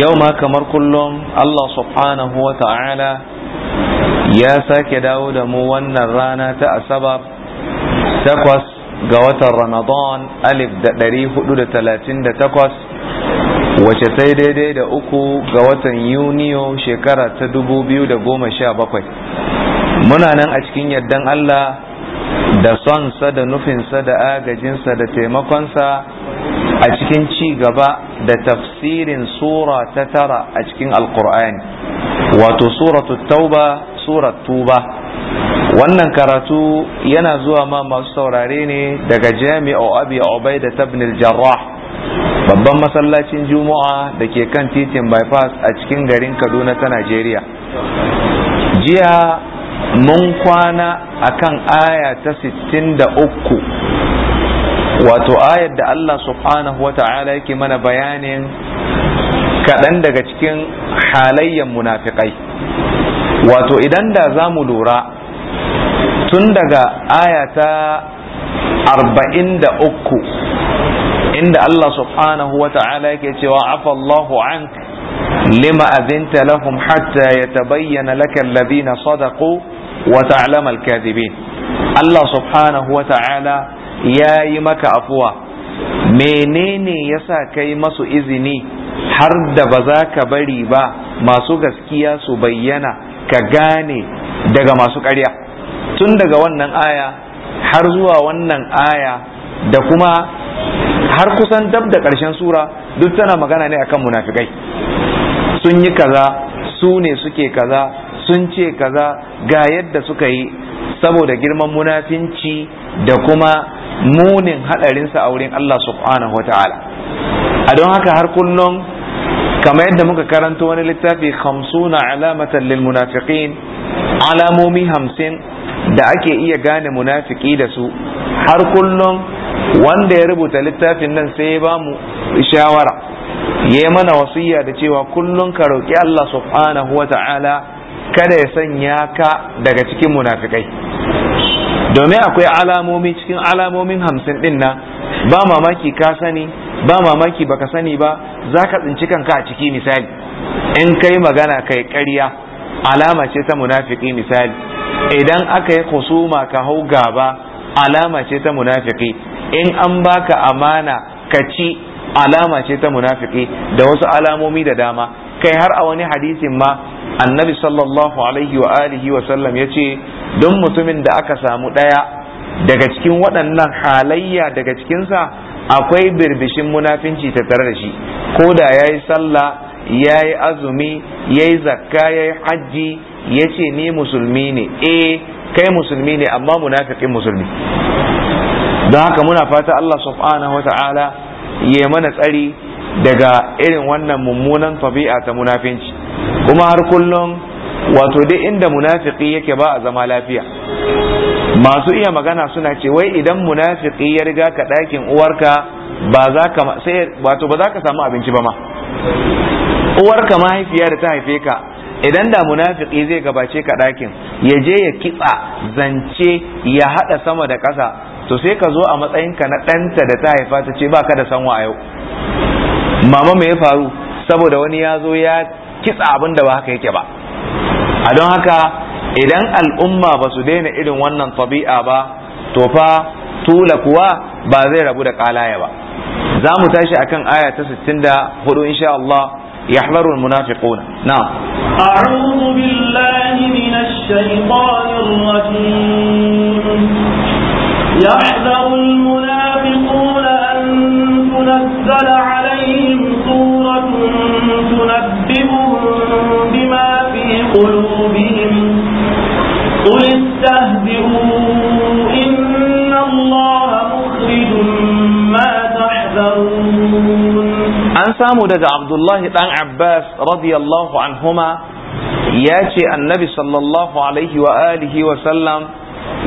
yau ma kamar kullum Allah subhanahu wa ta'ala ya sake dawo da mu wannan rana ta asabar takwas ga watan ramadan alif da ɗari hudu da talatin da takwas wace sai daidai da uku ga watan yuniyo shekara ta dubu biyu da goma sha bakwai muna nan a cikin yardan Allah da sonsa da nufinsa da agajinsa da taimakonsa a cikin ci gaba da tafsirin sura ta tara a cikin alkur'ani wato suratu tauba surat tuba wannan karatu yana zuwa ma masu saurare ne daga jami'a abi obai da tabnil jarrah babban masallacin juma'a da ke kan titin bypass a cikin garin kaduna ta najeriya jiya mun kwana a kan aya ta 63 wato ayar da Allah subhanahu wata'ala yake mana bayanin kaɗan daga cikin halayyan munafiƙai wato idan da za mu lura tun daga ayata arba'in da uku inda Allah subhanahu wata'ala yake cewa afallahu anka lima azinta lahum hatta yatabayyana laka alladhina sadaqu wa ta'lamal kadhibin Allah subhanahu ya yi maka afuwa menene yasa kai masu izini har da ba za ka bari ba masu gaskiya su bayyana ka gane daga masu ƙarya tun daga wannan aya har zuwa wannan aya da kuma har kusan dab da ƙarshen sura duk tana magana ne akan munafikai sun yi kaza su ne suke kaza sun ce kaza ga yadda suka yi saboda girman munafinci da kuma munin hadarinsa a wurin Allah subhanahu wata'ala a don haka har kullum kamar yadda muka karanta wani littafi hamsuna alamatan lil munafiqin alamomi hamsin da ake iya gane munafiki da su har kullum wanda ya rubuta littafin nan sai ya ba mu shawara ya yi mana wasiya da cewa kullum ka roƙi Allah subhanahu wa ta'ala kada ya sanya ka daga cikin munafikai domin akwai alamomi cikin alamomin hamsin din na ba mamaki ka sani ba mamaki baka sani ba za ka tsinci kanka a ciki misali in kai magana kai ƙarya alama ce ta munafiki misali idan aka yi kusuma ka hau gaba alama ce ta munafiki in an baka amana ka ci alama ce ta munafiki da wasu alamomi da dama kai har a wani hadisin ma annabi sallallahu alaihi wa alihi wa sallam ya don mutumin da aka samu ɗaya daga cikin waɗannan halayya daga cikinsa akwai birbishin munafinci tare da shi ko da ya yi sallah ya yi azumi ya yi zakka ya yi hajji ya ce ni musulmi ne eh kai musulmi ne amma munafiƙin musulmi don haka muna fata Allah subhanahu Ta'ala ya mana tsari daga irin wannan mummunan tabi'a ta munafinci kuma har kullum wato dai inda munafiki yake ba a zama lafiya masu iya magana suna ce wai idan munafiki ya riga ka ɗakin uwarka ba za ka sai wato ba za ka samu abinci ba ma uwarka mahaifiya da ta haife ka idan da munafiki zai gabace ka ɗakin ya je ya kitsa zance ya haɗa sama da ƙasa to sai ka zo a matsayinka na ɗanta da ta haifa ta ce ba ka da sanwa a yau mama me ya faru saboda wani ya zo ya kitsa abinda ba haka yake ba a don haka idan al'umma ba su daina irin wannan tabi'a ba to fa tula kuwa ba zai rabu da kalaya ba za mu tashi akan aya ta 64 insha Allah يحذر المنافقون نعم أعوذ بالله من الشيطان الرجيم يحذر قلوبهم قل استهزئوا إن الله مخرج ما تحذرون an samu daga abdullahi dan abbas radiyallahu anhuma ya ce annabi sallallahu alaihi wa alihi wa sallam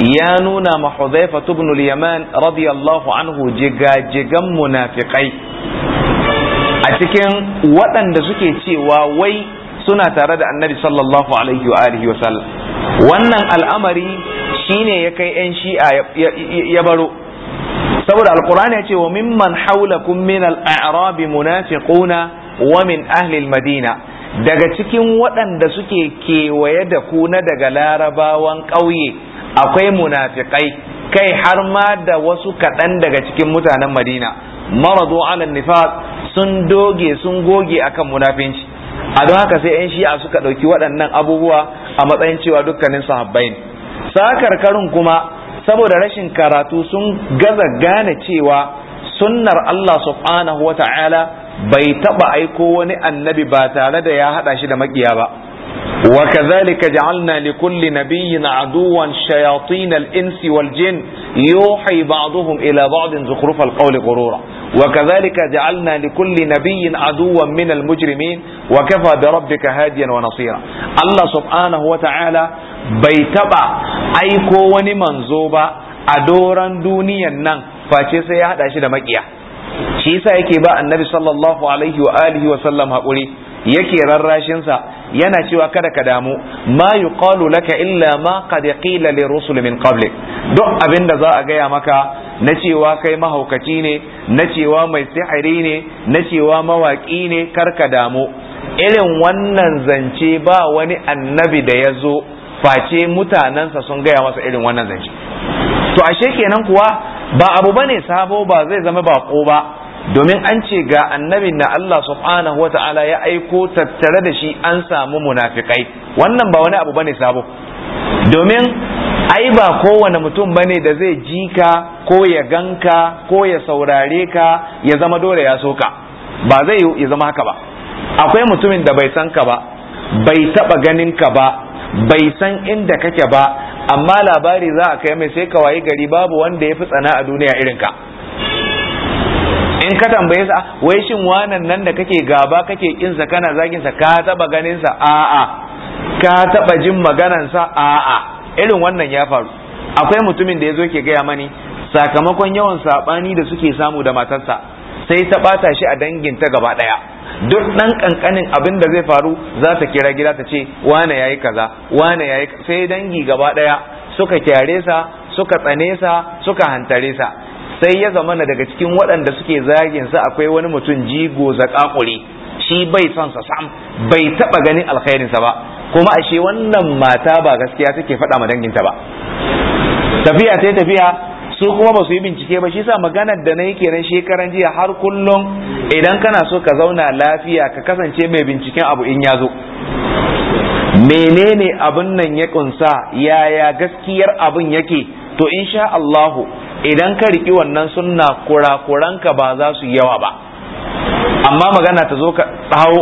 ya nuna ma hudhaifa ibn al-yaman radiyallahu anhu jigajigan munafiƙai a cikin waɗanda suke cewa wai suna tare da annabi sallallahu alaihi wa alihi wa wannan al'amari shine ya kai yan shi'a ya baro saboda alqur'ani ya ce wa mimman hawlakum min al-a'rab munafiquna wa min ahli al-madina daga cikin waɗanda suke kewaye da ku na daga larabawan ƙauye akwai munafiƙai kai har ma da wasu kaɗan daga cikin mutanen madina maradu ala nifaq sun doge sun goge akan munafinci a don haka sai 'yan shi'a suka ɗauki waɗannan abubuwa a matsayin cewa dukkanin sahabbai Sakar karin kuma saboda rashin karatu sun gaza gane cewa sunnar Allah subhanahu wa ta'ala bai taɓa aiko wani annabi ba tare da ya haɗa shi da maƙiya ba وكذلك جعلنا لكل نبي عدوا شياطين الإنس والجن يوحي بعضهم إلى بعض زخرف القول غرورا وكذلك جعلنا لكل نبي عدوا من المجرمين وكفى بربك هاديا ونصيرا الله سبحانه وتعالى بيتبع أيكو ونمنزوبا أدورا دونيا نن face sai ya hada shi da makiya shi yasa yake ba annabi sallallahu alaihi wa alihi wa sallam haƙuri yake rarrashin sa yana cewa kada ka damu ma yuqalu laka illa ma qad qila li rusul min qablik duk abinda za a gaya maka na cewa kai mahaukaci ne na cewa mai sihiri ne na cewa mawaki ne kar ka damu irin wannan zance ba wani annabi da ya zo face mutanensa sun gaya masa irin wannan zance to ashe kenan kuwa ba abu bane sabo ba zai zama bako ba domin an ce ga annabi na Allah subhanahu wa ta'ala ya aiko tattare da shi an samu munafikai wannan ba wani abu bane sabo domin ai ba kowane mutum bane da zai ji ka ko ya ganka ko ya saurare ka ya zama dole ya so ka ba zai ya zama haka ba akwai mutumin da bai san ka ba bai taba ganin ka ba bai san inda kake ba amma labari za a kai mai sai ka wayi gari babu wanda ya fi tsana a duniya irin ka in ka tambaye sa wai shin wanan nan da kake gaba kake kin sa kana zagin sa ka taba ganin sa a'a ka taba jin maganan sa a'a irin wannan ya faru akwai mutumin da yazo ke gaya mani sakamakon yawan sabani da suke samu da matarsa sai ta bata shi a dangin ta gaba daya duk dan kankanin abin da zai faru za ta kira gida ta ce wane yayi kaza wane yayi sai dangi gaba daya suka kyare sa suka tsane sa suka hantare sa sai ya zama daga cikin waɗanda suke zagin sa akwai wani mutum jigo zakakuri shi bai son sa sam bai taba ganin alkhairin sa ba kuma ashe wannan mata ba gaskiya take faɗa ma danginta ba tafiya sai tafiya su kuma ba su yi bincike ba shi sa maganar da na yi kenan shekaran jiya har kullum idan kana so ka zauna lafiya ka kasance mai binciken abu in ya zo menene abin nan ya kunsa yaya gaskiyar abin yake to insha Allahu idan ka riƙi wannan sunna kurakuranka ba za su yawa ba amma magana ta zo ka tsawo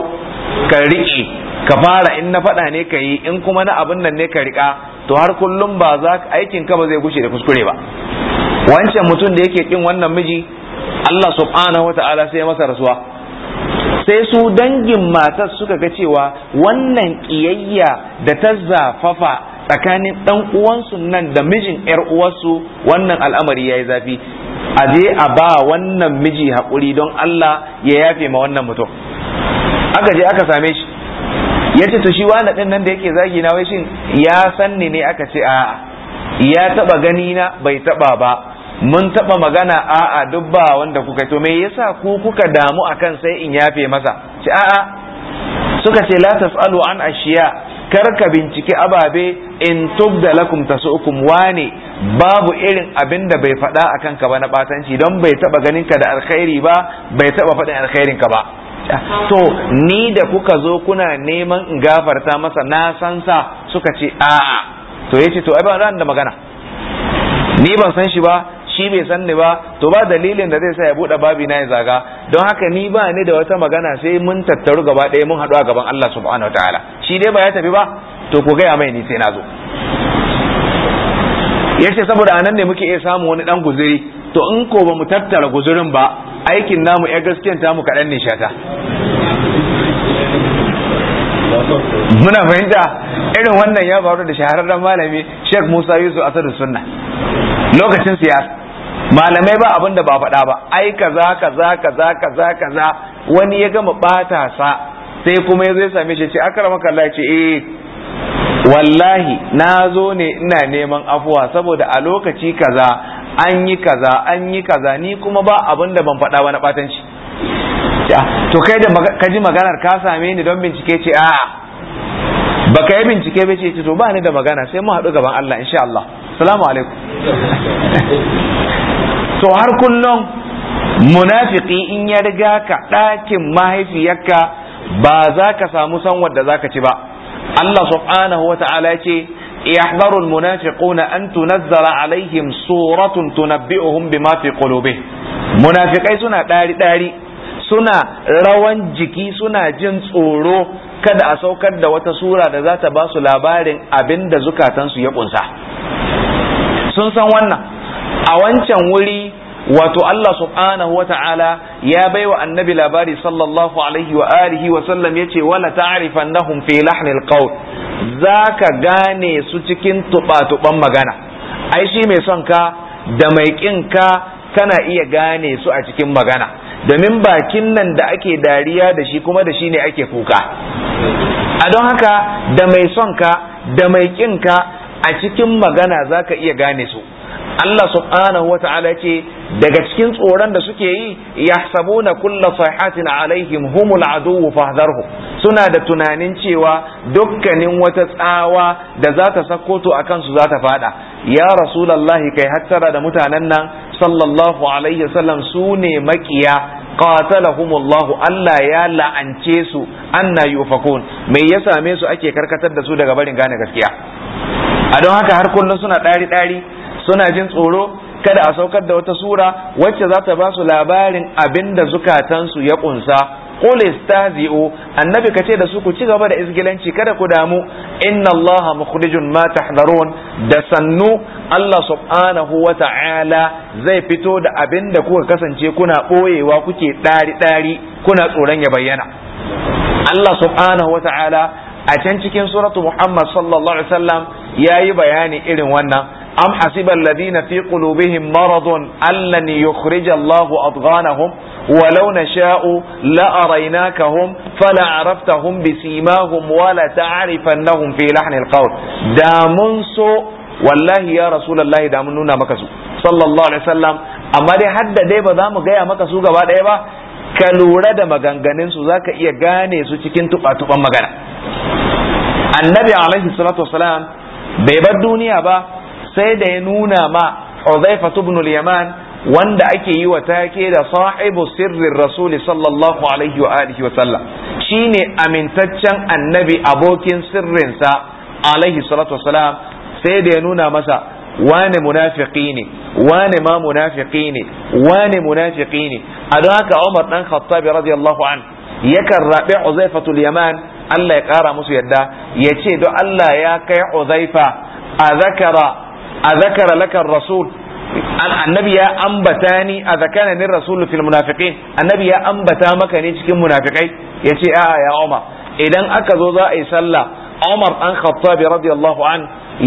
ka riƙe ka fara in na faɗa ne ka yi in kuma na abin nan ne ka riƙa to har kullum ba za aikin ka ba zai gushe da kuskure ba wancan mutum da yake ƙin wannan miji Allah subhanahu wata'ala sai masa rasuwa sai su dangin matar suka ga cewa wannan ƙiyayya da ta zafafa tsakanin dan uwansu nan da mijin yar uwarsu wannan al'amari yayi zafi a je a ba wannan miji haƙuri don Allah ya yafe ma wannan mutum aka je aka same shi ya ce to shi wani ɗin nan da yake zagi na wai shin ya sanni ne aka ce a'a ya taba gani na bai taba ba mun taba magana a'a duk ba wanda kuka to me yasa ku kuka damu akan sai in yafe masa ce a'a suka ce la tasalu an ashiya kar ka binciki ababe in tubda lakum tasukum wane babu irin abin da bai faɗa a kanka ba na batanci don bai taɓa ganin ka da alkhairi ba bai taɓa faɗin alkhairin ka ba to ni da kuka zo kuna neman in gafarta masa na san sa suka ce a'a to yace to ai ba ran da magana ni ban san shi ba shi bai san ni ba to ba dalilin da zai sa ya bude babi na ya zaga don haka ni ba ni da wata magana sai mun tattaru gaba ɗaya mun haɗu a gaban Allah subhanahu wataala shi dai ba ya tafi ba to ku gaya mai ni sai na zo yace saboda anan ne muke iya samu wani dan guzuri to in ko ba mu tattara guzurin ba aikin namu ya gaskiyan mu kaɗan ne shata muna fahimta irin wannan ya faru da shahararren malami sheikh musa yusuf asadu sunna lokacin siyasa malamai ba abin da ba faɗa ba ai kaza kaza kaza kaza kaza wani ya gama ɓata sa sai kuma ya zai same shi ce akramaka Allah ce eh wallahi na zo ne ina neman afuwa saboda a lokaci kaza an yi kaza an yi kaza ni kuma ba abin da ban faɗa ba na ɓatanci to kai da ka ji maganar ka same ni don bincike ce a baka yi bincike ba ce to ba ni da magana sai mu haɗu gaban Allah insha Allah salamu alaikum to har kullum munafiki in ya riga ka ɗakin mahaifiyarka ba za ka samu san wadda zaka ci ba Allah subhanahu wa ta'ala ce يحذر المنافقون أن تنزل عليهم سورة تنبئهم بما في قلوبهم منافقai suna ɗari ɗari suna rawan jiki suna jin tsoro kada a saukar da wata sura da za ta ba su labarin abin da zukatansu ya ƙunsa sun san wannan a wancan wuri wato Allah subhanahu wa ta'ala ya baiwa annabi labari sallallahu alaihi wa alihi wa sallam yace wala ta'rifannahum fi lahnil qawl zaka gane su cikin tuba-tuban magana ai shi mai son ka da mai kin ka kana iya gane su a cikin magana domin bakin nan da ake dariya da shi kuma da shi ne ake kuka a don haka da mai son ka da mai kin ka a cikin magana zaka iya gane su Allah subhanahu wa ta'ala ce daga cikin tsoron da suke yi yahsabuna kulla sayhatin alaihim humul aduwwu fahadarhu. suna da tunanin cewa dukkanin wata tsawa da za ta sako to akan za ta fada ya rasulullahi kai hattara da mutanen nan sallallahu alaihi wasallam su ne makiya qatalahumullahu Allah ya la'ance su anna yufakun me ya same su ake karkatar da su daga barin gane gaskiya a don haka har kullum suna ɗari ɗari suna jin tsoro kada a saukar da wata sura wacce za ta ba su labarin abin da zukatansu ya kunsa qul istazi'u annabi ce da su ku ci gaba da izgilanci kada ku damu inna allaha mukhrijun ma tahdharun da sannu Allah subhanahu wa ta'ala zai fito da abin da kuka kasance kuna boyewa kuke dari dari kuna tsoron ya bayyana Allah subhanahu wa ta'ala a can cikin suratu Muhammad sallallahu alaihi wasallam yayi bayani irin wannan أم حسب الذين في قلوبهم مرض أن لن يخرج الله أضغانهم ولو نشاء لأريناكهم عرفتهم بسيماهم ولتعرفنهم في لحن القول دامن والله يا رسول الله دامنونا مكسو صلى الله عليه وسلم أما دي حد دي بذام غير مكسو قبا دي با كالورة مغنغنين سو ذاك إيا غاني سو چكين تقا تقا مغنى النبي عليه الصلاة والسلام bai bar duniya sai da ya nuna ma Hudhaifa ibn al-Yaman wanda ake yi wa take da sahibu sirrin rasuli sallallahu alaihi wa alihi wa sallam shine amintaccen annabi abokin sirrinsa alaihi salatu wasalam sai da ya nuna masa wane munafiki ne wane ma munafiki ne wane munafiki ne a don haka Umar dan Khattabi radiyallahu an yakan rabe Uzaifatul Yaman Allah ya kara musu yadda ya ce don Allah ya kai Uzaifa a zakara a zakara laka rasul annabi ya ambata ni a zakana ni rasul fil munafiqin annabi ya ambata maka ne cikin munafikai yace a ya Umar idan aka zo za a yi sallah Umar an Khattab radiyallahu an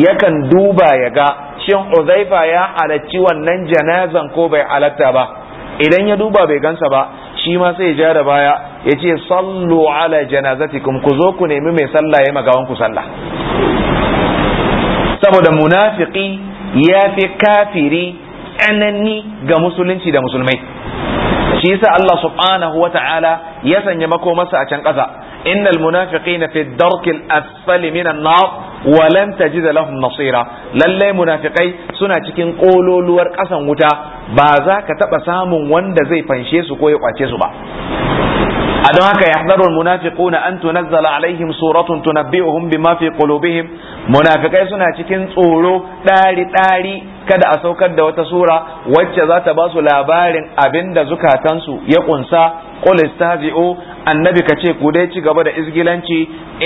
yakan duba ya ga shin Uzaifa ya halacci wannan janazan ko bai halatta ba idan ya duba bai gansa ba shi ma sai ya ja da baya yace ce sallu ala janazatikum ku zo ku nemi mai sallah ya magawan ku sallah saboda munafiki ya fi kafiri tsanani ga musulunci da musulmai shi yasa Allah subhanahu wa ta'ala ya sanya masa a can ƙasa innal munafiqina fi darkil asfali minan nar walan tajida lahum nasira lallai munafikai suna cikin kololuwar ƙasan wuta ba za ka taba samun wanda zai fanshe su ko ya kwace su ba a don haka yahdharul munafiquna an tunazzala alaihim suratun tunabbi'uhum bima fi qulubihim munafikai suna cikin tsoro dari dari. kada a saukar da wata sura wacce za ta ba su labarin abin da zukatansu ya kunsa qul istahzi'u annabi ka ce ku dai ci gaba da izgilanci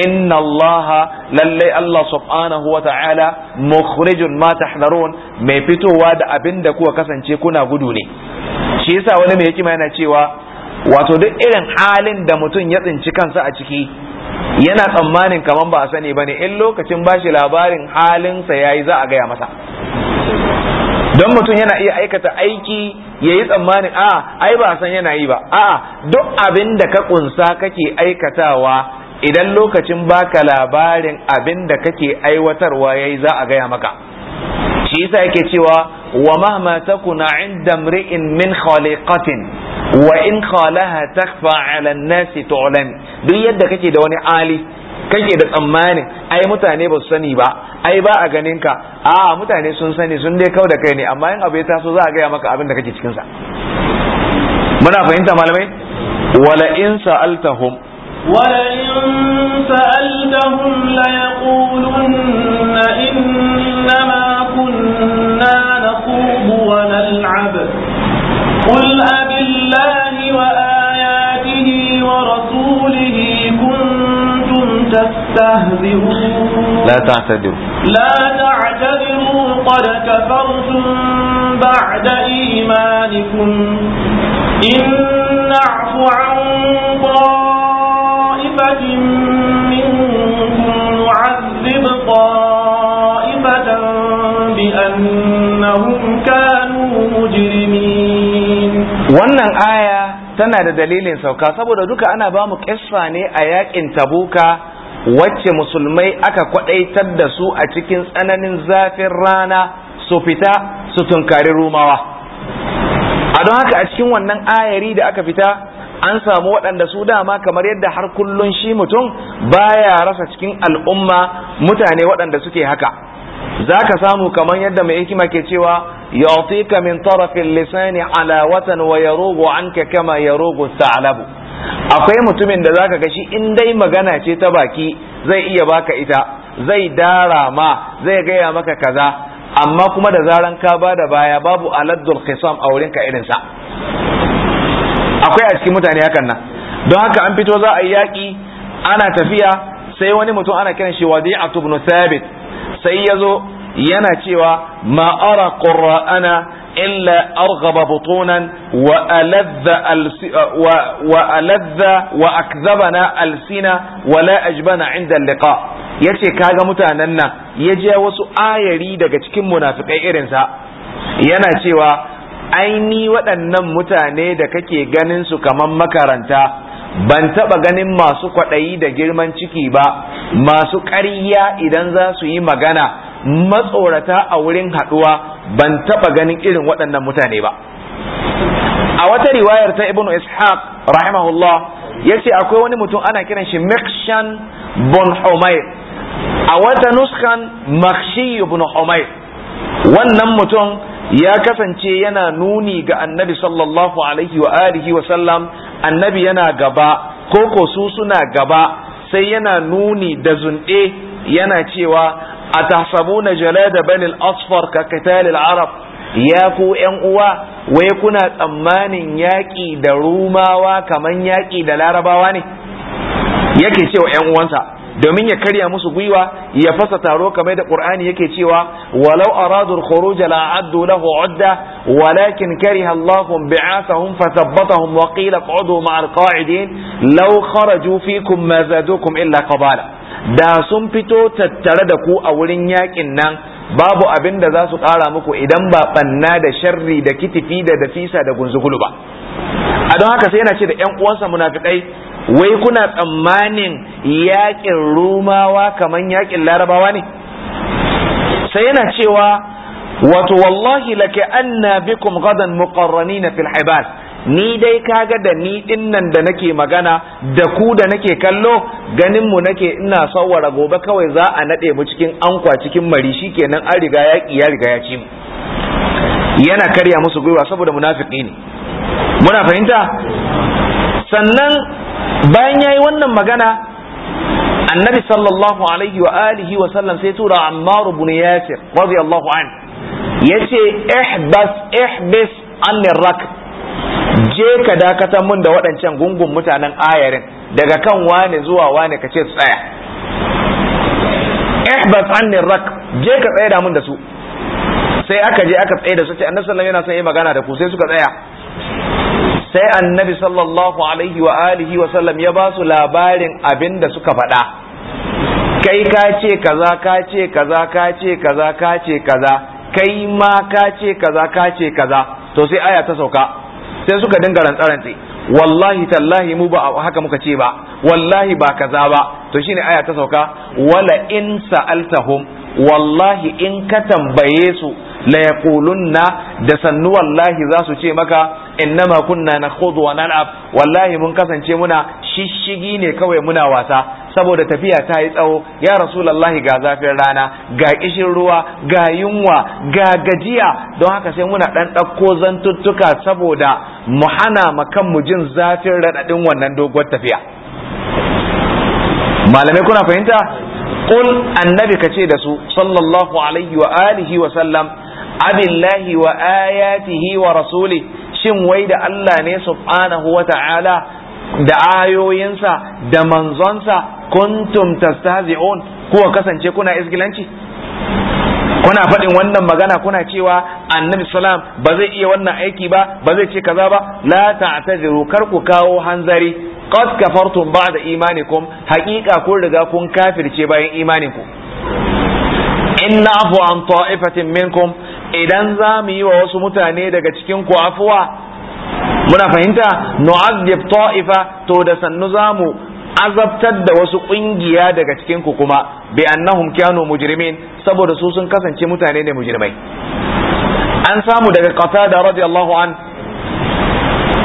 inna allaha lallai allah subhanahu wa ta'ala mukhrijun ma tahdharun mai fitowa da abinda da kuka kasance kuna gudu ne shi yasa wani mai hikima yana cewa wato duk irin halin da mutum ya tsinci kansa a ciki yana tsammanin kamar ba a sani ba ne in lokacin ba shi labarin halinsa ya yi za a gaya masa don mutum yana iya aikata aiki ya yi tsammanin a ai ba san yana yi ba a duk abin da ka kunsa kake aikatawa idan lokacin baka labarin abin da kake aiwatarwa ya yi za a gaya maka shi yasa yake cewa wa mahma takuna inda mri'in min khaliqatin wa in khalaha takfa ala nasi tu'lam duk yadda kake da wani ali kake da tsammanin ai mutane ba su sani ba ai ba a ganin ka a mutane sun sani sun dai kau da kai ne amma in abu ya taso za a gaya maka abin da kake cikin sa muna fahimta malamai wala in sa'altahum wala in sa'altahum تعتذروا لا تعتذروا قد كفرتم بعد إيمانكم إن نعف عن طائفة منكم نعذب طائفة بأنهم كانوا مجرمين wannan aya tana da dalilin sauka saboda duka ana ba mu ne a yakin tabuka wacce musulmai aka kwadaitar da su a cikin tsananin zafin rana su fita su tunkari rumawa a don haka a cikin wannan ayari da aka fita an samu waɗanda su dama kamar yadda har kullum shi mutum baya rasa cikin al'umma mutane waɗanda suke haka za ka samu kamar yadda mai hikima ke cewa yautika min tarafin lisani ala watan wa yarugu anka kama yarugu sa'alabu akwai mutumin da zaka ga shi in dai magana ce ta baki zai iya baka ita zai dara ma zai gaya maka kaza amma kuma da zaran ka ba da baya babu aladdul qisam a wurin ka irinsa akwai a cikin mutane hakan nan don haka an fito za a yi yaƙi ana tafiya sai wani mutum ana kiran shi wadi'atu ibn sabit sai ya zo yana cewa ma'ara qurra'ana إلا أرغب بطونا وألذ, وألذ وأكذبنا ألسنا ولا أجبنا عند اللقاء ka ga mutanen nan ya je wasu ayari daga cikin munafikai irinsa yana cewa aini waɗannan mutane da kake ganin su kamar makaranta ban taɓa ganin masu kwaɗayi da girman ciki ba masu ƙarya idan za su yi magana matsorata a wurin haduwa ban taba ganin irin waɗannan mutane ba a wata riwayar ta ibnu ishaq rahimahullah ya ce akwai wani mutum ana kiran shi mikshan bon a wata nuskan makshi bon wannan mutum ya kasance yana nuni ga annabi sallallahu alaihi wa alihi wa sallam annabi yana gaba ko ko su suna gaba sai yana nuni da zunɗe yana cewa أتحسبون جلاد بني الأصفر كقتال العرب ya ku ’yan uwa wai kuna tsammanin yaƙi da كمان kamar yaƙi da larabawa yake cewa ’yan uwansa domin ya karya musu gwiwa ya fasa taro kamar da ƙur'ani yake cewa walau aradu al la addu lahu udda walakin kariha Allah bi'athahum fathabbatahum wa qila qa'udu ma'al qa'idin law kharaju fikum ma zadukum illa qabala da sun fito tattare da ku a wurin yakin nan babu abin da za su ƙara muku idan ba ɓanna da sharri da kitifi da dafisa da gunzugulu ba a don haka sai yana ce da ƴan uwansa munafikai wai kuna tsammanin yakin rumawa kaman yakin larabawa ne sai yana cewa wato wallahi laka anna bikum gadan muqarranina fil ibad ni dai kaga da ni din nan da nake magana da ku da nake kallo ganin mu nake ina sawara gobe kawai za a nade mu cikin ankwa cikin mari shikenan an riga yaki ya riga ya ci mu yana karya musu gwiwa saboda munafiki ne muna fahimta sannan bayan yayi wannan magana annabi sallallahu alaihi wa alihi wa sallam sai tura ammar ibn yasir radiyallahu an yace ihbas ihbis an rak je ka dakatar mun da waɗancan gungun mutanen ayarin daga kan wane zuwa wane ka ce tsaya ihbas anni rak je ka tsaya da mun da su sai aka je aka tsaya da su ce annabi sallallahu alaihi yana son yi magana da ku sai suka tsaya sai annabi sallallahu alaihi wa alihi wa sallam ya ba su labarin abin da suka faɗa kai ka ce kaza ka ce kaza ka ce kaza ka ce kaza kai ma ka ce kaza ka ce kaza to sai aya ta sauka sai suka dinga rantsarantsi wallahi tallahi mu ba haka muka ce ba wallahi ba kaza ba to shine aya ta sauka wala in sa'altahum wallahi in ka tambaye su la yaqulunna da sannu wallahi za su ce maka innama kunna nakhudu wa nal'ab wallahi mun kasance muna shishigi ne kawai muna wasa saboda tafiya ta yi tsawo ya rasulullahi ga zafin rana ga kishin ruwa ga yunwa ga gajiya don haka sai muna dan dauko zantuttuka saboda mu hana ma mu jin zafin raɗaɗin wannan doguwar tafiya malamai kuna fahimta qul annabi kace da su sallallahu alaihi wa alihi wa sallam abillahi wa ayatihi wa rasuli shin wai da Allah ne subhanahu wa ta'ala da ayoyinsa da manzonsa kuntum tastazi'un kuwa kasance kuna isgilanci kuna faɗin wannan magana kuna cewa annabi salam ba zai iya wannan aiki ba ba zai ce kaza ba la ta'tadiru kar ku kawo hanzari qad kafartum ba'da imanikum haqiqa kun riga kun kafirce bayan imaninku Inna afu an ta'ifatin minkum idan za mu yi wa wasu mutane daga cikin ku afuwa muna fahimta nu'azzib ta'ifa to da sannu za mu azabtar da wasu kungiya daga cikin ku kuma bi annahum kanu mujrimin saboda su sun kasance mutane ne mujrimai an samu daga qatada radiyallahu an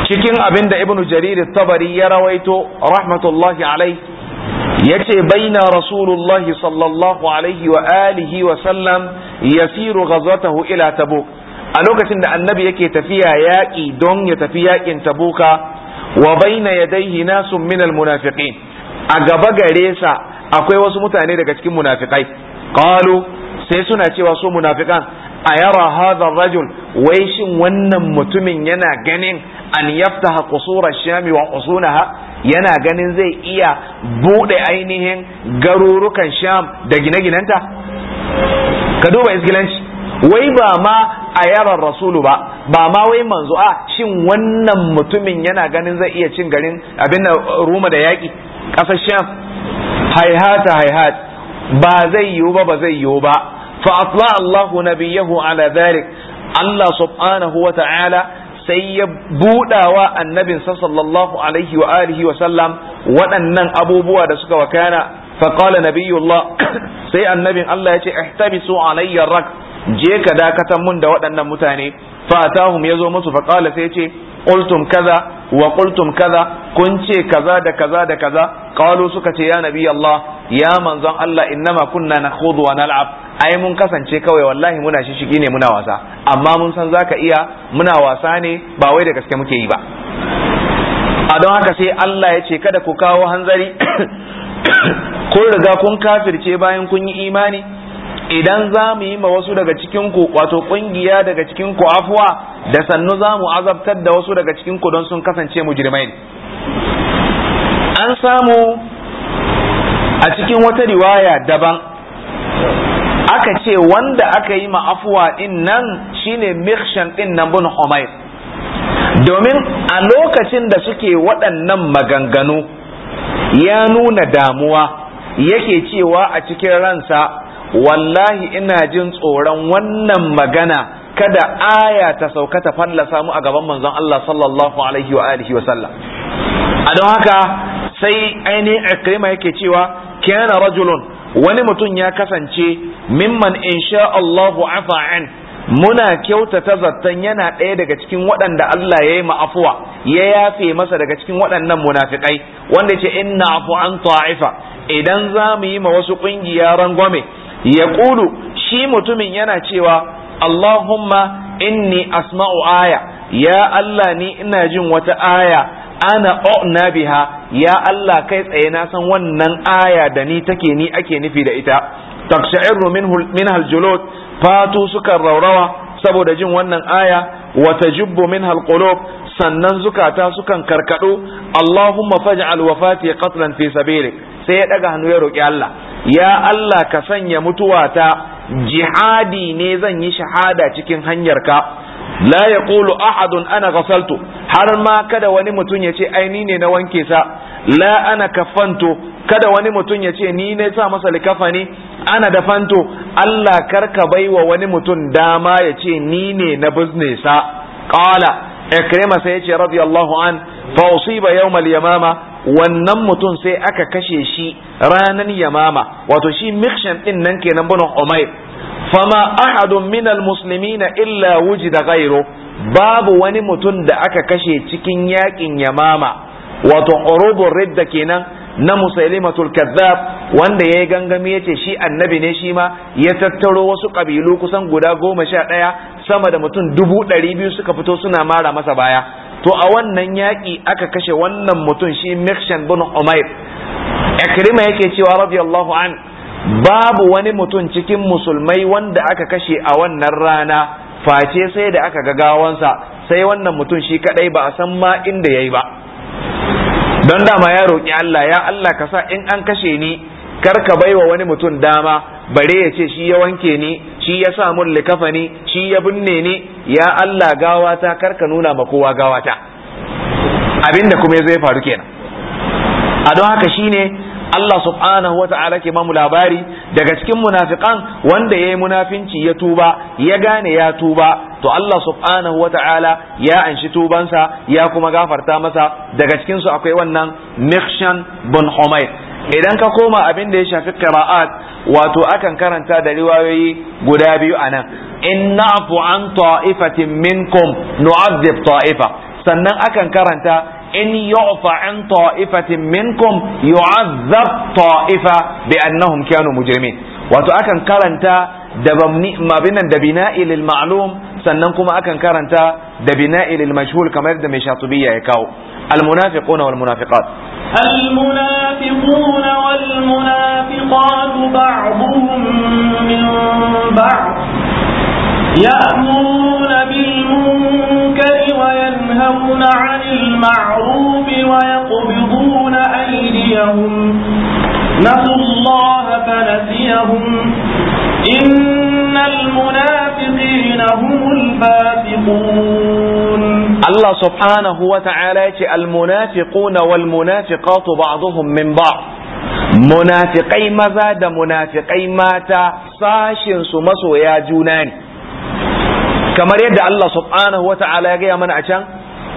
cikin abinda da ibnu jarir tabari ya rawaito rahmatullahi alayhi yace baina rasulullahi sallallahu alaihi wa alihi wa sallam yasiru ghazwatahu ila tabu a lokacin da annabi yake tafiya yaƙi don ya tafi yaƙin tabuka wa baina yadayhi nasun minal munafiqin a gaba gare sa akwai wasu mutane daga cikin munafikai qalu sai suna cewa su munafikan a yara hadha rajul wai shin wannan mutumin yana ganin an yaftaha qusura shami wa usunaha yana ganin zai iya bude ainihin garurukan sham da gine-ginenta ka duba isgilanci wai ba ma a yaran rasulu ba ba ma wai manzo a shin wannan mutumin yana ganin zai iya cin garin abin da ruma da yaƙi ƙasar sham haihata haihat ba zai yiwu ba ba zai yiwu ba fa atla Allahu nabiyahu ala dhalik Allah subhanahu wa ta'ala sai ya budawa annabin sallallahu alaihi wa alihi wa sallam waɗannan abubuwa da suka wakana faqala nabiyullah sai annabin Allah ya ce ihtabisu alayya rak je ka dakatar mun da waɗannan mutane fa atahum yazo musu faqala sai ce qultum kaza wa qultum kaza kun ce kaza da kaza da kaza qalu suka ce ya nabi Allah ya manzon Allah innama kunna nakhudu wa nal'ab ai mun kasance kawai wallahi muna shishigi ne muna wasa amma mun san zaka iya muna wasa ne ba wai da gaske muke yi ba a don haka sai Allah ya ce kada ku kawo hanzari kun riga kun kafirce bayan kun yi imani idan za mu yi ma wasu daga cikinku wato kungiya daga cikinku afuwa da sannu za mu azabtar da wasu daga cikin ku don sun kasance mujrimai an samu a cikin wata riwaya daban aka ce wanda aka yi ma'afuwa din nan shine mikshan din nan bin Umair domin a lokacin da suke waɗannan maganganu ya nuna damuwa yake cewa a cikin ransa wallahi ina jin tsoron wannan magana kada aya ta sauka ta fallasa mu a gaban manzon Allah sallallahu alaihi wa alihi wa sallam a don haka sai ainihin ikrima yake cewa kana rajulun wani mutum ya kasance mimman insha Allahu afa'an muna kyautata zattan yana ɗaya daga cikin waɗanda Allah ya yi ma'afuwa ya yafe masa daga cikin waɗannan munafiƙai, wanda ce in na afu an ta'ifa idan za mu yi ma wasu ƙungiya rangwame ya ƙulu shi mutumin yana cewa Allahumma inni asma'u aya ya Allah ni ina jin wata aya ana o'na biha ya Allah kai tsaye na san wannan aya da ni take ni ake nufi da ita minhu minha al-julud fatu suka raurawa saboda jin wannan aya wa tajubbu minha al sannan zukata sukan karkado Allahumma faj'al wafati qatlan fi sabilik sai ya daga hannu ya roki Allah ya Allah ka sanya mutuwata jihadi ne zan yi shahada cikin hanyarka la yaqulu ahadun ana ghasaltu har ma kada wani mutum ya ce ai ni ne na wanke sa la ana kafanto kada wani mutum ya ce ni ne sa masa likafani ana dafanto Allah karka baiwa wani mutum dama ya ce ni ne na biznesa qala ikrima sai ya ce radiyallahu an fa usiba yawmal yamama wannan mutum sai aka kashe shi ranan yamama wato shi mikshan din nan kenan bin umair fama ahadun minal musulmina illa da ghairu babu wani mutum da aka kashe cikin yakin yamama wato urubun ridda kenan na musailimatul kazzab wanda ya yi gangami ya ce shi annabi ne shi ma ya tattaro wasu ƙabilu kusan guda goma sha ɗaya sama da mutum dubu ɗari biyu suka fito suna mara masa baya to a wannan yaƙi aka kashe wannan mutum shi mikshan bin umair ikrima yake cewa radiyallahu an babu wani mutum cikin musulmai wanda aka kashe a wannan rana face sai da aka ga gawansa sai wannan mutum shi kadai ba a san ma inda yayi ba don dama ya roƙi Allah ya Allah ka sa in an kashe ni kar ka baiwa wani mutum dama bare ya ce shi ya wanke ni shi ya sa mun likafani shi ya binne ni ya Allah gawata kar ka nuna ma kowa gawata abinda kuma zai faru kenan a don haka shine Allah subhanahu wa ta'ala ke mamu labari daga cikin munafiqan wanda ya yi munafinci ya tuba ya gane ya tuba to Allah subhanahu wa ta'ala ya anshi tubansa ya kuma gafarta masa daga cikin su akwai wannan Mikshan bin Humayr idan ka koma abin da ya shafi qira'at wato akan karanta da riwayoyi guda biyu anan in na'fu an ta'ifatin minkum nu'adhib ta'ifa sannan akan karanta إن يعطى عن طائفة منكم يعذب طائفة بأنهم كانوا مجرمين وتأكن كارنتا دبمني ما بين دبناء للمعلوم سننكم أكن كارنتا دبناء للمجهول كما يبدأ من شاطبية يكاو المنافقون والمنافقات المنافقون والمنافقات بعضهم من بعض يأمرون بالمنكر ينهون عن المعروف ويقبضون أيديهم نسوا الله فنسيهم إن المنافقين هم الفاسقون الله سبحانه وتعالى المنافقون والمنافقات بعضهم من بعض munafiƙai maza da munafiƙai mata sashin su masoya juna ne kamar yadda Allah subhanahu wata'ala ya gaya mana a can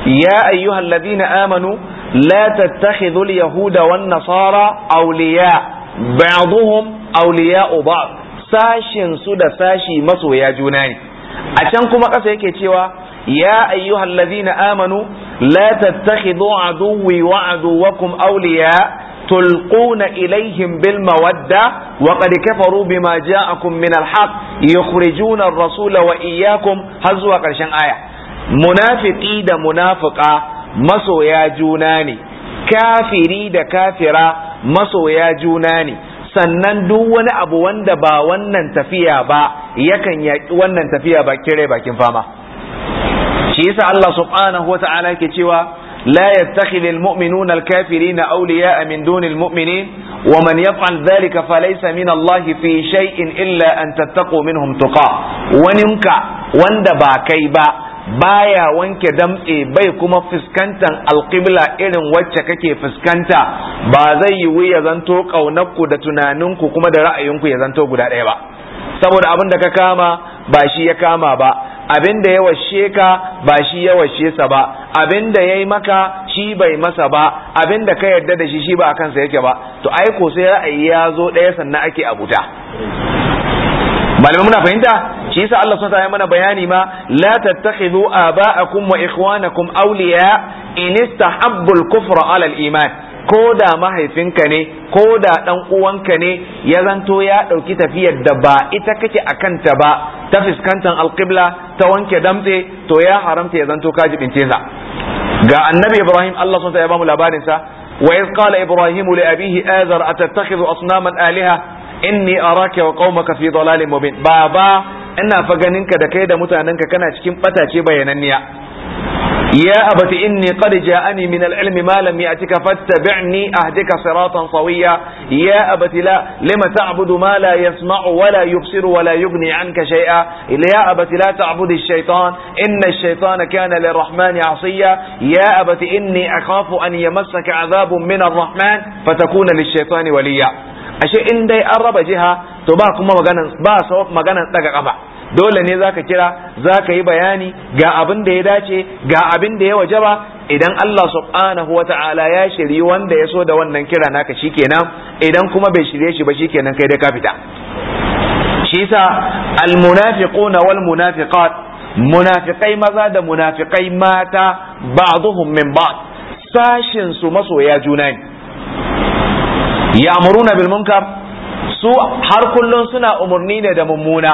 يا أيها الذين آمنوا لا تتخذوا اليهود والنصارى أولياء بعضهم أولياء بعض ساشن سودا ساشي مسو يا جناني عشان كما قصة يكي يا أيها الذين آمنوا لا تتخذوا عدوي وعدوكم أولياء تلقون إليهم بالمودة وقد كفروا بما جاءكم من الحق يخرجون الرسول وإياكم هزوا قرشان آية munafiki da munafuka masoya juna ne kafiri da kafira masoya juna ne sannan duk wani abu wanda ba wannan tafiya ba yakan yaƙi wannan tafiya ba kire bakin fama shi yasa Allah subhanahu wata'ala ke cewa la yattakhidul mu'minuna al-kafirina awliya'a min dunil mu'minin wa man yaf'al dhalika falaysa min Allah fi shay'in illa an tattaqu minhum tuqa waninka wanda ba kai ba baya wanke damtse bai kuma fuskantar alƙibla irin wacce kake fuskanta ba zai yiwu ya zanto ƙaunarku da tunaninku kuma da ra'ayinku ya zanto guda ɗaya ba saboda abin da ka kama ba shi ya kama ba abin da ya washe ka ba shi ya washe sa ba abin da ya yi maka shi bai masa ba abin da ka yarda da shi shi ba a kansa yake ba to ai ko sai ra'ayi ya zo ɗaya sannan ake abuta malamai muna fahimta shi yasa Allah subhanahu ya mana bayani ma la tattakhidhu aba'akum wa ikhwanakum awliya in istahabbu al-kufra 'ala al-iman ko da mahaifinka ne ko da dan uwanka ne ya zanto ya dauki tafiyar da ba ita kake akan ta ba ta fuskantar alqibla ta wanke damtse to ya haramta ya zanto ka jibince sa ga annabi Ibrahim Allah subhanahu ya bamu labarin sa wa iz qala ibrahimu li abihi azar atattakhidhu asnaman alaha inni araka wa qaumaka fi dhalalin mubin baba ina fa ganinka da kai da mutanenka kana cikin batace bayananniya ya abati inni qad ja'ani min al-ilmi ma lam ya'tika fattabi'ni ahdika siratan sawiyya ya abati la lima ta'budu ma la yasma'u wa la yubsiru wa la yughni 'anka shay'a ya abati la ta'budu ash-shaytan inna ash-shaytana kana lir-rahmani 'asiyya ya abati inni akhafu an yamassaka 'adhabun min ar-rahman fatakuna lish-shaytani waliya ashe in dai an raba jiha to ba kuma maganan ba maganan daga kafa dole ne zaka kira zaka yi bayani ga abin da ya dace ga abin da ya wajaba idan Allah subhanahu wa ta'ala ya shiri wanda ya so da wannan kira naka shikenan idan kuma bai shirye shi ba shikenan kai dai ka fita shi yasa almunafiquna wal munafiqat munafiqai maza da munafiqai mata ba'dhum min ba'd sashin su masoya juna ne ya'muruna bil munkar su har kullum suna umarni ne da mummuna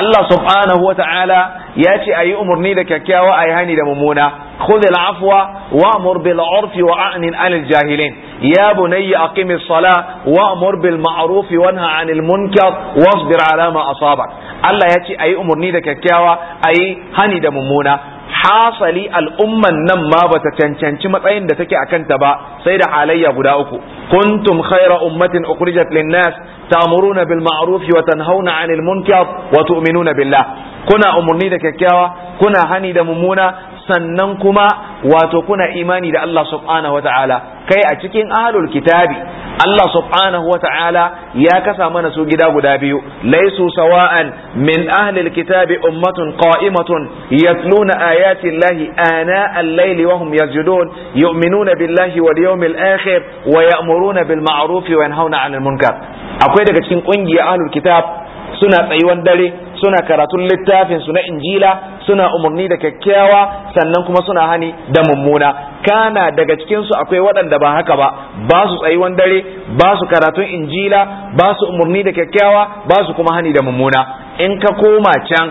Allah subhanahu wa ta'ala ya ce a yi umarni da kyakkyawa a yi hani da mummuna خذ العفو وامر بالعرف واعن عن الجاهلين يا بني اقم الصلاه وامر بالمعروف وانهى عن المنكر واصبر على ما اصابك Allah ya ce a yi umarni da kyakkyawa a yi hani da mummuna hasali al'umman nan ma bata cancanci matsayin da take a kanta ba sai da halayya guda uku kuntum khaira ummatin ukhrijat linnas ta'muruna bil ma'ruf wa tanhauna 'anil munkar wa tu'minuna billah kuna umurni da kyakkyawa kuna hani da mummuna sannan kuma wato kuna imani da Allah subhanahu wata'ala kai a cikin ahlul kitabi Allah subhanahu wata'ala ya kasa mana su gida guda biyu laisu sawa'an min ahlil kitabi ummatun qa'imatun yatluna ayati llahi ana al-layli wa hum yasjudun yu'minuna billahi wal yawmil akhir wa ya'muruna bil ma'ruf wa yanhauna 'anil munkar akwai daga cikin kungiya ahlul kitab suna tsayuwan dare suna karatun littafin su na injila suna umarni da kyakkyawa sannan kuma suna hani da mummuna kana daga cikin su akwai waɗanda ba haka ba ba su tsayuwan dare ba su karatun injila ba su umarni da kyakkyawa ba su kuma hani da mummuna in ka koma can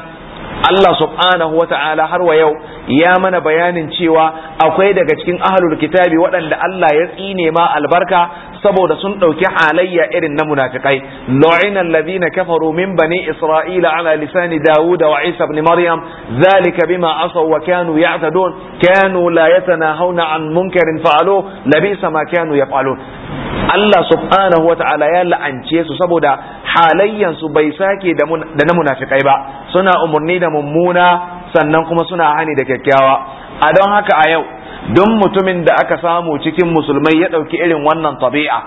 Allah subhanahu wa har wa yau ya mana bayanin cewa akwai daga cikin ahlul kitabi waɗanda Allah ya tsine ma albarka saboda sun ɗauki halayya irin na munafiqai lu'ina alladhina kafaru min bani isra'ila ala lisani dawud wa isa ibn maryam zalika bima asaw wa kanu ya'tadun kanu la yatanahawna an munkarin fa'alu labisa ma kanu yaf'alun Allah subhanahu wa ta'ala ya la'ance su saboda halayyansu bai sake da na munafikai ba suna umarni da mummuna sannan kuma suna hani da kyakkyawa a don haka a yau don mutumin da aka samu cikin musulmai ya ɗauki irin wannan tabi'a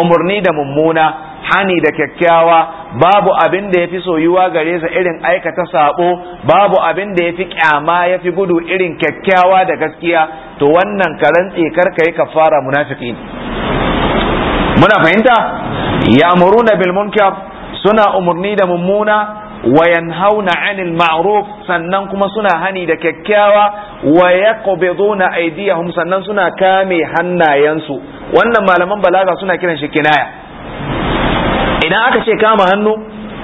umarni da mummuna hani da kyakkyawa babu abin da ya fi soyuwa gare sa irin aikata sabo babu abin da ya fi kyama ya fi gudu irin kyakkyawa da gaskiya to wannan karantse ka yi kafara munafiki muna fahimta ya'muruna bil munkar suna umarni da mummuna wa yanhauna 'anil ma'ruf sannan kuma suna hani da kyakkyawa wa yaqbiduna aydiyahum sannan suna kame hannayensu wannan malaman balaga suna kiran shi kinaya idan aka ce kama hannu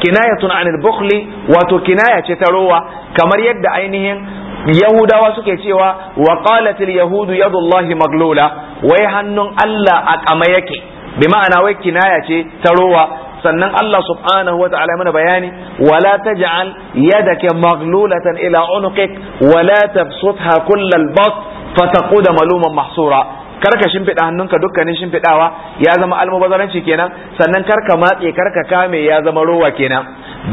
kinayatun 'anil bukhli wato kinaya ce ta rowa kamar yadda ainihin yahudawa suke cewa wa qalatil yahudu yadullahi maglula wai hannun Allah a kama yake bi ma'ana wai kinaya ce ta rowa sannan Allah subhanahu ta'ala mana bayani wala taj'al yadaka maghlulatan ila unuqik wala tabsutha kullal bat da maluman mahsura kar ka shimfiɗa hannunka dukkanin shimfiɗawa ya zama almubazzaranci kenan sannan kar ka matse kar ka kame ya zama rowa kenan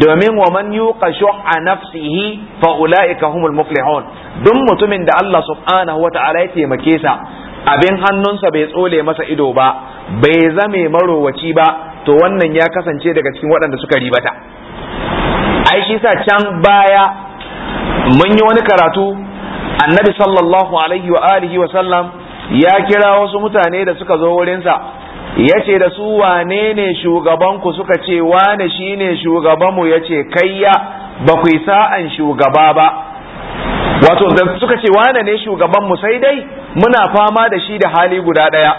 domin wa man yuqa shuhha nafsihi fa ulaika humul muflihun duk mutumin da Allah subhanahu wa ta'ala ya taimake sa abin hannunsa bai tsole masa ido ba bai zame marowaci ba to wannan ya kasance daga cikin waɗanda suka ribata ai shi sa can baya mun yi wani karatu annabi sallallahu alaihi wa alihi wa sallam ya kira wasu mutane da suka zo wurinsa ya ce da su wane ne shugabanku suka ce wane shi ne shugabanmu ya ce kayya ba ku yi sa'an shugaba ba wato da suka ce wane ne shugabanmu sai dai muna fama da shi da hali guda ɗaya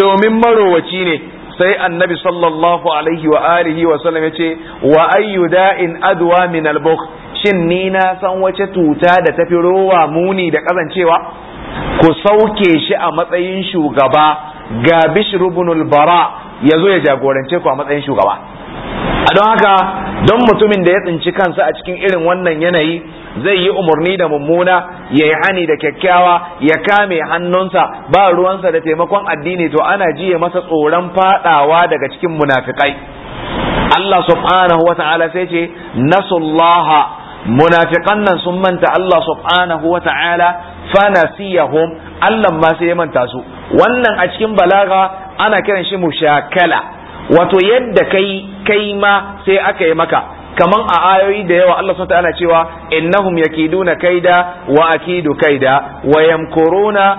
domin marowaci ne sai annabi sallallahu alaihi wa alihi wa sallam yace wa ayyu da'in adwa min al shin ni na san wace tuta da tafi rowa muni da kazancewa ku sauke shi a matsayin shugaba ga bishr ibn bara yazo ya jagorance ku a matsayin shugaba a don haka don mutumin da ya tsinci kansa a cikin irin wannan yanayi zai yi umarni da mummuna ya yi hani da kyakkyawa ya kame hannunsa ba ruwansa da taimakon addini to ana jiye masa tsoron fadawa daga cikin munafikai Allah subhanahu wa ta'ala sai ce nasullaha munafiqan nan sun manta Allah subhanahu wa ta'ala fa nasiyahum Allah ma sai ya manta su wannan a cikin balaga ana kiran shi mushakala wato yadda kai kai ma sai aka yi maka kaman a ayoyi da yawa Allah subhanahu ta'ala cewa innahum yakiduna kaida wa akidu kaida wa yamkuruna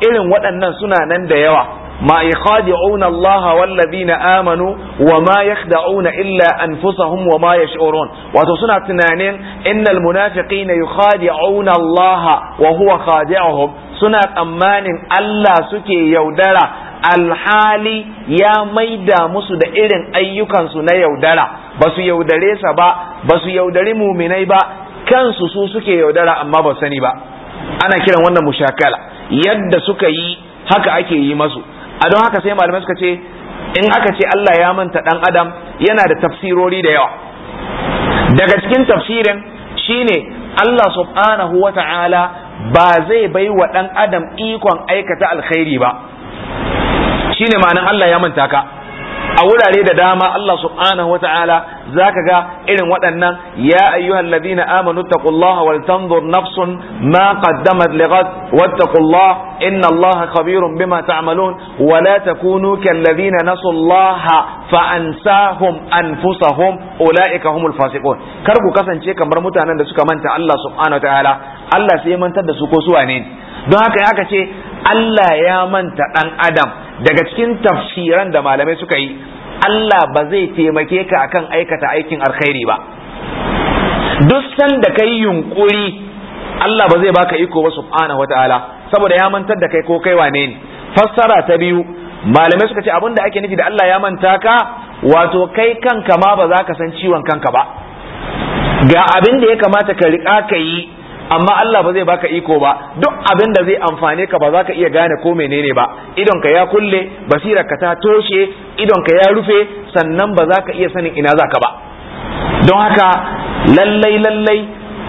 irin waɗannan suna nan da yawa ma yakhadi'una Allah wallazina amanu wa ma yakhda'una illa anfusahum wa ma yash'urun wato suna tunanin innal munafiqina yukhadi'una Allah wa huwa khadi'uhum suna tsammanin Allah suke yaudara alhali ya maida musu da irin ayyukansu na yaudara ba su yaudare sa ba ba su yaudari muminai ba kansu su suke yaudara amma ba sani ba ana kiran wannan mushakala yadda suka yi haka ake yi masu a don haka sai malamai suka ce in aka ce Allah ya manta dan adam yana da tafsirori da yawa daga cikin tafsirin shine Allah subhanahu wa ta'ala ba zai bai wa ɗan adam ikon aikata alkhairi ba shine ma'anar Allah ya manta ka a wurare da dama Allah subhanahu wata'ala zaka ga irin waɗannan ya ayyuhal ladina amanu taqullaha wal tanzur nafsun ma qaddamat lighad wattaqullaha inna Allaha khabirun bima ta'malun wa la takunu kal ladina nasullaha fa ansahum anfusahum ulaika humul fasiqun kar ku kasance kamar mutanen da suka manta Allah subhanahu wata'ala Allah sai ya mantar da su ko su wane don haka ya ce Allah ya manta dan adam daga cikin tafsiran da malamai suka yi Allah ba zai taimake ka akan aikata aikin alkhairi ba duk sanda kai yunkuri Allah ba zai baka iko ba subhanahu wataala saboda ya mantar da kai ko kai wane ne fassara ta biyu malamai suka ce da ake nufi da Allah ya manta ka wato kai kanka ma ba za ka san ciwon kanka ba ga abin da ya kamata ka riƙa ka yi amma Allah ba zai baka iko ba duk abin da zai amfane ka ba za ka iya gane ko menene ba idon ka ya kulle basira ka ta toshe idon ka ya rufe sannan ba za ka iya sanin ina za ka ba don haka lallai lallai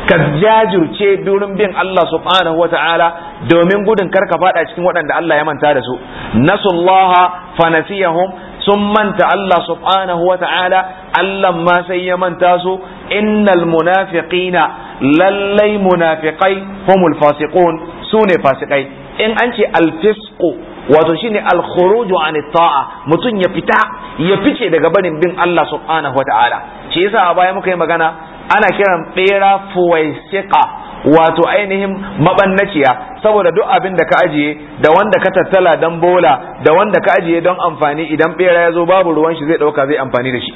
ka jajirce durin bin Allah subhanahu wa ta'ala domin gudun kar ka fada cikin waɗanda Allah ya manta da su nasullaha fanasiyahum sun manta Allah subhanahu wa ta'ala Allah ma sai ya manta su innal munafiqina lallai munafiqai humul fasiqun sune fasikai in an ce alfisqu wato shine alkhuruju an ta'a mutum ya fita ya fice daga barin bin Allah subhanahu wa ta'ala shi yasa a baya muka yi magana ana kiran bera fuwaisiqa wato ainihin mabannaciya saboda duk abin da ka ajiye da wanda ka tattala dan bola da wanda ka ajiye don amfani idan bera ya zo babu ruwan shi zai dauka zai amfani da shi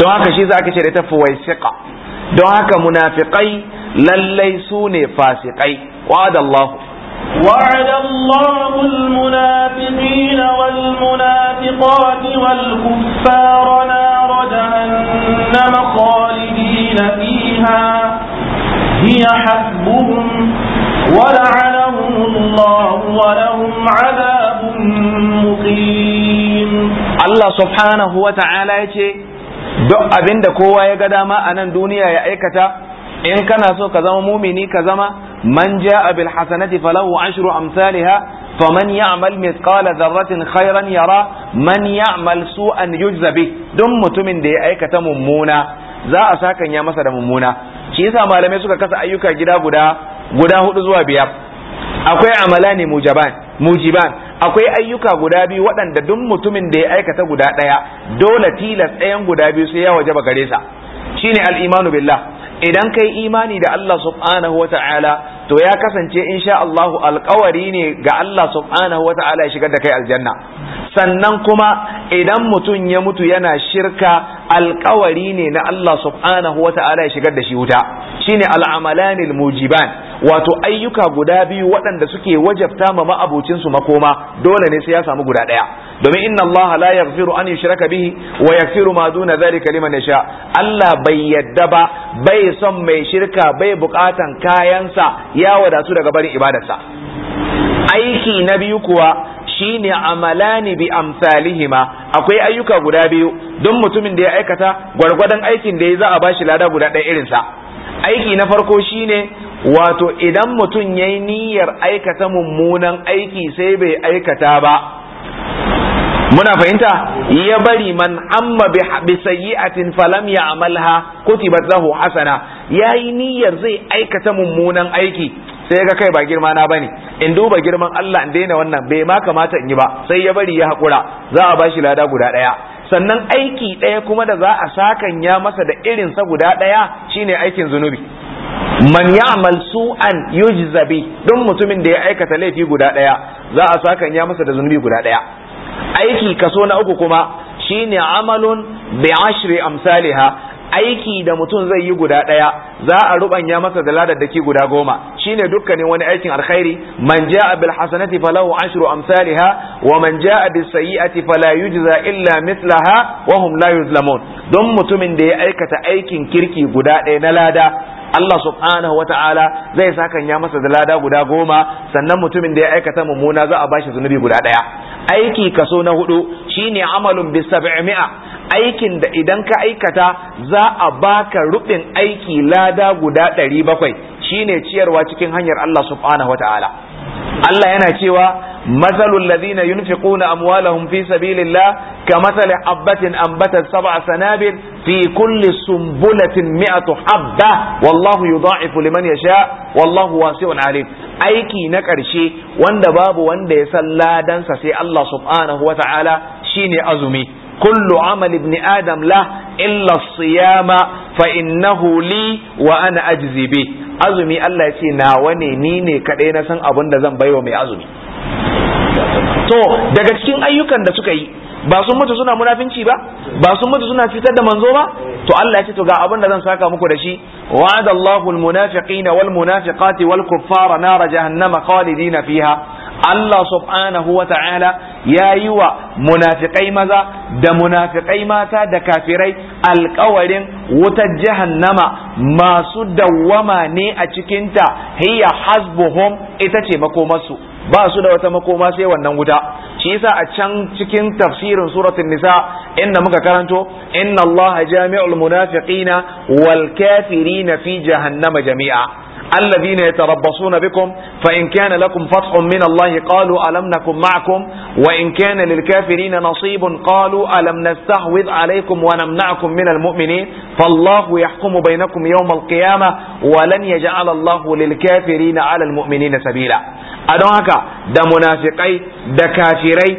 don haka shi za ka ce da ita fuwaisiqa don haka munafiqai lallai su ne fasikai wa'adallahu وعد الله المنافقين والمنافقات والكفار نار جهنم خالدين فيها هي حسبهم ولعنهم الله ولهم عذاب مقيم الله سبحانه وتعالى يتي duk abin da kowa ya ga dama a nan duniya ya aikata in kana so ka zama mumini ka zama man ja'a bil hasanati falahu ashru amsalha man ya'mal mithqala dharratin khairan yara man ya'mal su'an yujza bih duk mutumin da ya aikata mummuna za a sakan ya masa da mummuna shi yasa malamai suka kasa ayyuka gida guda guda hudu zuwa biyar akwai amala ne mujaban mujiban akwai ayyuka guda biyu waɗanda duk mutumin da ya aikata guda ɗaya dole tilas ɗayan guda biyu sai ya wajaba gare sa shine al-imanu billah idan kai imani da Allah subhanahu ta'ala. to ya kasance insha Allahu alkawari ne ga Allah subhanahu wa ta'ala ya shigar da kai aljanna sannan kuma idan mutum ya mutu yana shirka alkawari ne na Allah subhanahu wa ta'ala ya shigar da shi wuta shine al'amalanil mujiban wato ayyuka guda biyu waɗanda suke wajabta ma ma'abucin su makoma dole ne sai ya samu guda ɗaya domin inna Allah la yaghfiru an yushraka bihi wa yaghfiru ma duna zalika liman yasha Allah bai yadda ba bai son mai shirka bai bukatan kayansa ya wadatu daga barin ibadarsa aiki na biyu kuwa shine amalani bi amsalihima akwai ayyuka guda biyu don mutumin da ya aikata gwargwadon aikin da ya za a bashi lada guda ɗaya irin sa. aiki na farko shine wato idan mutum ya yi niyyar aikata mummunan aiki sai bai aikata ba muna fahimta ya bari man amma bi sayyi'atin falam ya amalha kutibat lahu hasana ya yi niyyar zai aikata mummunan aiki sai ga kai ba girma na bane in duba girman Allah in daina wannan bai ma kamata in yi ba sai ya bari ya hakura za a bashi lada guda ɗaya sannan aiki ɗaya kuma da za a sakan ya masa da irinsa guda ɗaya shine aikin zunubi man ya'mal su'an yujzabi don mutumin da ya aikata laifi guda ɗaya za a sakan ya masa da zunubi guda ɗaya aiki kaso na uku kuma shine amalun bi ashri amsalha aiki da mutum zai yi guda ɗaya za a rubanya masa da ladaddaki guda goma shine dukkanin wani aikin alkhairi man jaa bil hasanati falahu ashru amsalha wa man jaa bis sayyi'ati fala yujza illa mithlaha wa hum la yuzlamun don mutumin da ya aikata aikin kirki guda ɗaya na lada Allah subhanahu wa ta'ala zai sakan ya masa da lada guda goma sannan mutumin da ya aikata mummuna za a bashi zunubi guda ɗaya aiki kaso na hudu shine amalun bi sab'mi'a aikin da idan ka aikata za a baka rubin aiki lada guda ɗari bakwai shine ciyarwa cikin hanyar Allah subhanahu wataala Allah yana cewa matsalul ladina yunfiquna amwalahum fi sabilillah kamathali habatin ambatar sab'a sanabil في كل سنبلة مئة حبة والله يضاعف لمن يشاء والله واسع عليم aiki na ƙarshe wanda babu wanda ya san ladansa sai Allah subhanahu wa ta'ala shine azumi kullu amal ibn adam la illa siyama fa innahu li wa ana ajzi bi azumi Allah ya ce nawa ne ni ne kadai na san abin da zan baiwa mai azumi to daga cikin ayyukan da suka yi ba sun mutu suna munafinci ba ba sun mutu suna fitar da manzo ba to Allah ya ce to ga abin da zan saka muku da shi wa'ada Allahu almunafiqina wal munafiqati wal kuffara nar jahannama khalidina fiha Allah subhanahu wa ta'ala ya yi wa munafiƙai maza da munafiƙai mata da kafirai alƙawarin wutar jahannama masu dawwama ne a cikinta hiya hasbuhum ita ce makomarsu ba su da wata makoma sai wannan wuta shi yasa a can cikin tafsirin suratul nisa inda muka karanto inna allaha jami'ul munafiqina wal kafirina fi jahannama jami'a الذين يتربصون بكم فإن كان لكم فتح من الله قالوا ألم نكن معكم وإن كان للكافرين نصيب قالوا ألم نستحوذ عليكم ونمنعكم من المؤمنين فالله يحكم بينكم يوم القيامة ولن يجعل الله للكافرين على المؤمنين سبيلا أدون هكا دا منافقي دا كافري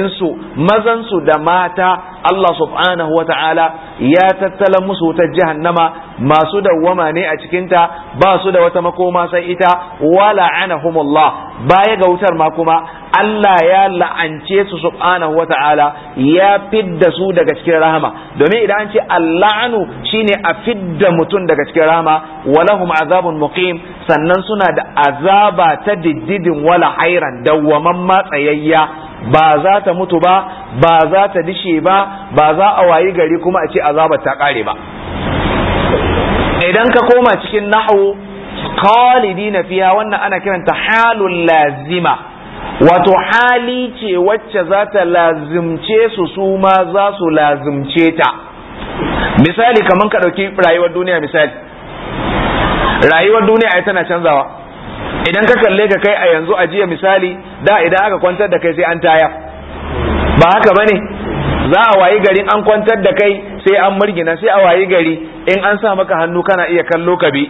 ننسو مزنسو دا ماتا Allah subhanahu wa ta'ala ya tattala musu wutar jahannama masu dawwama ne a cikinta ba su da wata makoma sai ita wala anahumullah baya ga wutar ma kuma Allah ya la'ance su subhanahu wa ta'ala ya fidda su daga cikin rahama domin idan an ce alla'anu shine a fidda mutum daga cikin rahama walahum azabun muqim sannan suna da azaba ta diddidin wala hairan dawwaman matsayayya ba za ta mutu ba ba za ta dishe ba ba za a wayi gari kuma a ce azabar ta kare ba idan ka koma cikin nahwu na fiya wannan ana kiranta halun lazima wato hali ce wacce za ta lazimce su su ma za su lazimce ta misali kamar ka ɗauki rayuwar duniya misali rayuwar duniya ai tana canzawa idan ka kalle ka kai a yanzu a jiya misali da idan aka kwantar da kai sai an taya ba haka bane za a wayi gari an kwantar da kai sai an murgina sai a wayi gari in an sa maka hannu kana iya kallo ka bi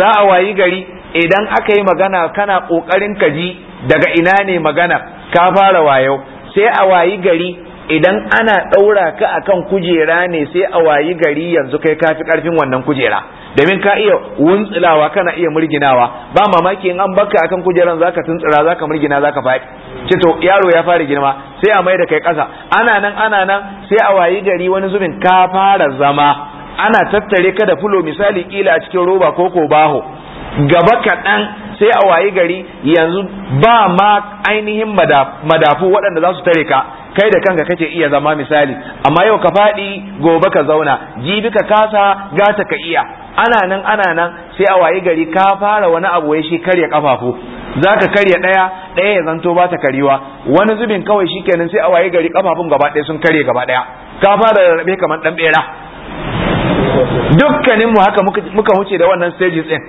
za a wayi gari idan aka yi magana kana kokarin ka ji daga ina ne magana ka fara wayo sai a wayi gari idan ana ɗaura ka akan kujera ne sai a wayi gari yanzu kai kafi fi ƙarfin wannan kujera domin ka iya wuntsilawa kana iya murginawa ba mamaki in an baka akan kujeran zaka tuntsira zaka murgina zaka faɗi ce to yaro ya fara girma sai a mai da kai ƙasa ana nan ana nan sai a wayi gari wani zubin ka fara zama ana tattare ka da fulo misali kila a cikin roba ko ko baho gaba kaɗan sai a wayi gari yanzu ba ma ainihin madafu waɗanda za su tare ka kai da kanka kake iya zama misali amma yau ka faɗi gobe ka zauna jibi ka kasa gata ka iya ana nan ana nan sai a waye gari ka fara wani abu ya shi karya kafafu za ka karya ɗaya ɗaya ya zanto ba ta kariwa wani zubin kawai shi nan sai a waye gari kafafun gaba ɗaya sun karye gaba ɗaya ka fara rarrabe kamar ɗan ɓera dukkaninmu haka muka wuce da wannan stages ɗin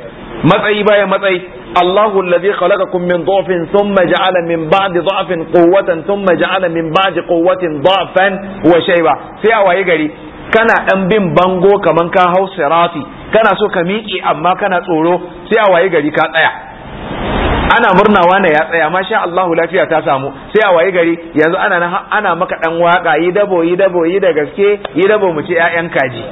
matsayi bayan matsayi الله الذي خلقكم من ضعف ثم جعل من بعد ضعف قوة ثم جعل من بعد قوة ضعفا وشيبة سيا ويجري kana ɗan bin bango kaman ka hau sirati kana so ka miƙe amma kana tsoro sai a waye gari ka tsaya ana murnawa na ya tsaya masha Allahu lafiya ta samu sai a waye gari yanzu ana ana maka dan waka yi dabo yi dabo yi da gaske yi dabo mu ce ƴaƴan kaji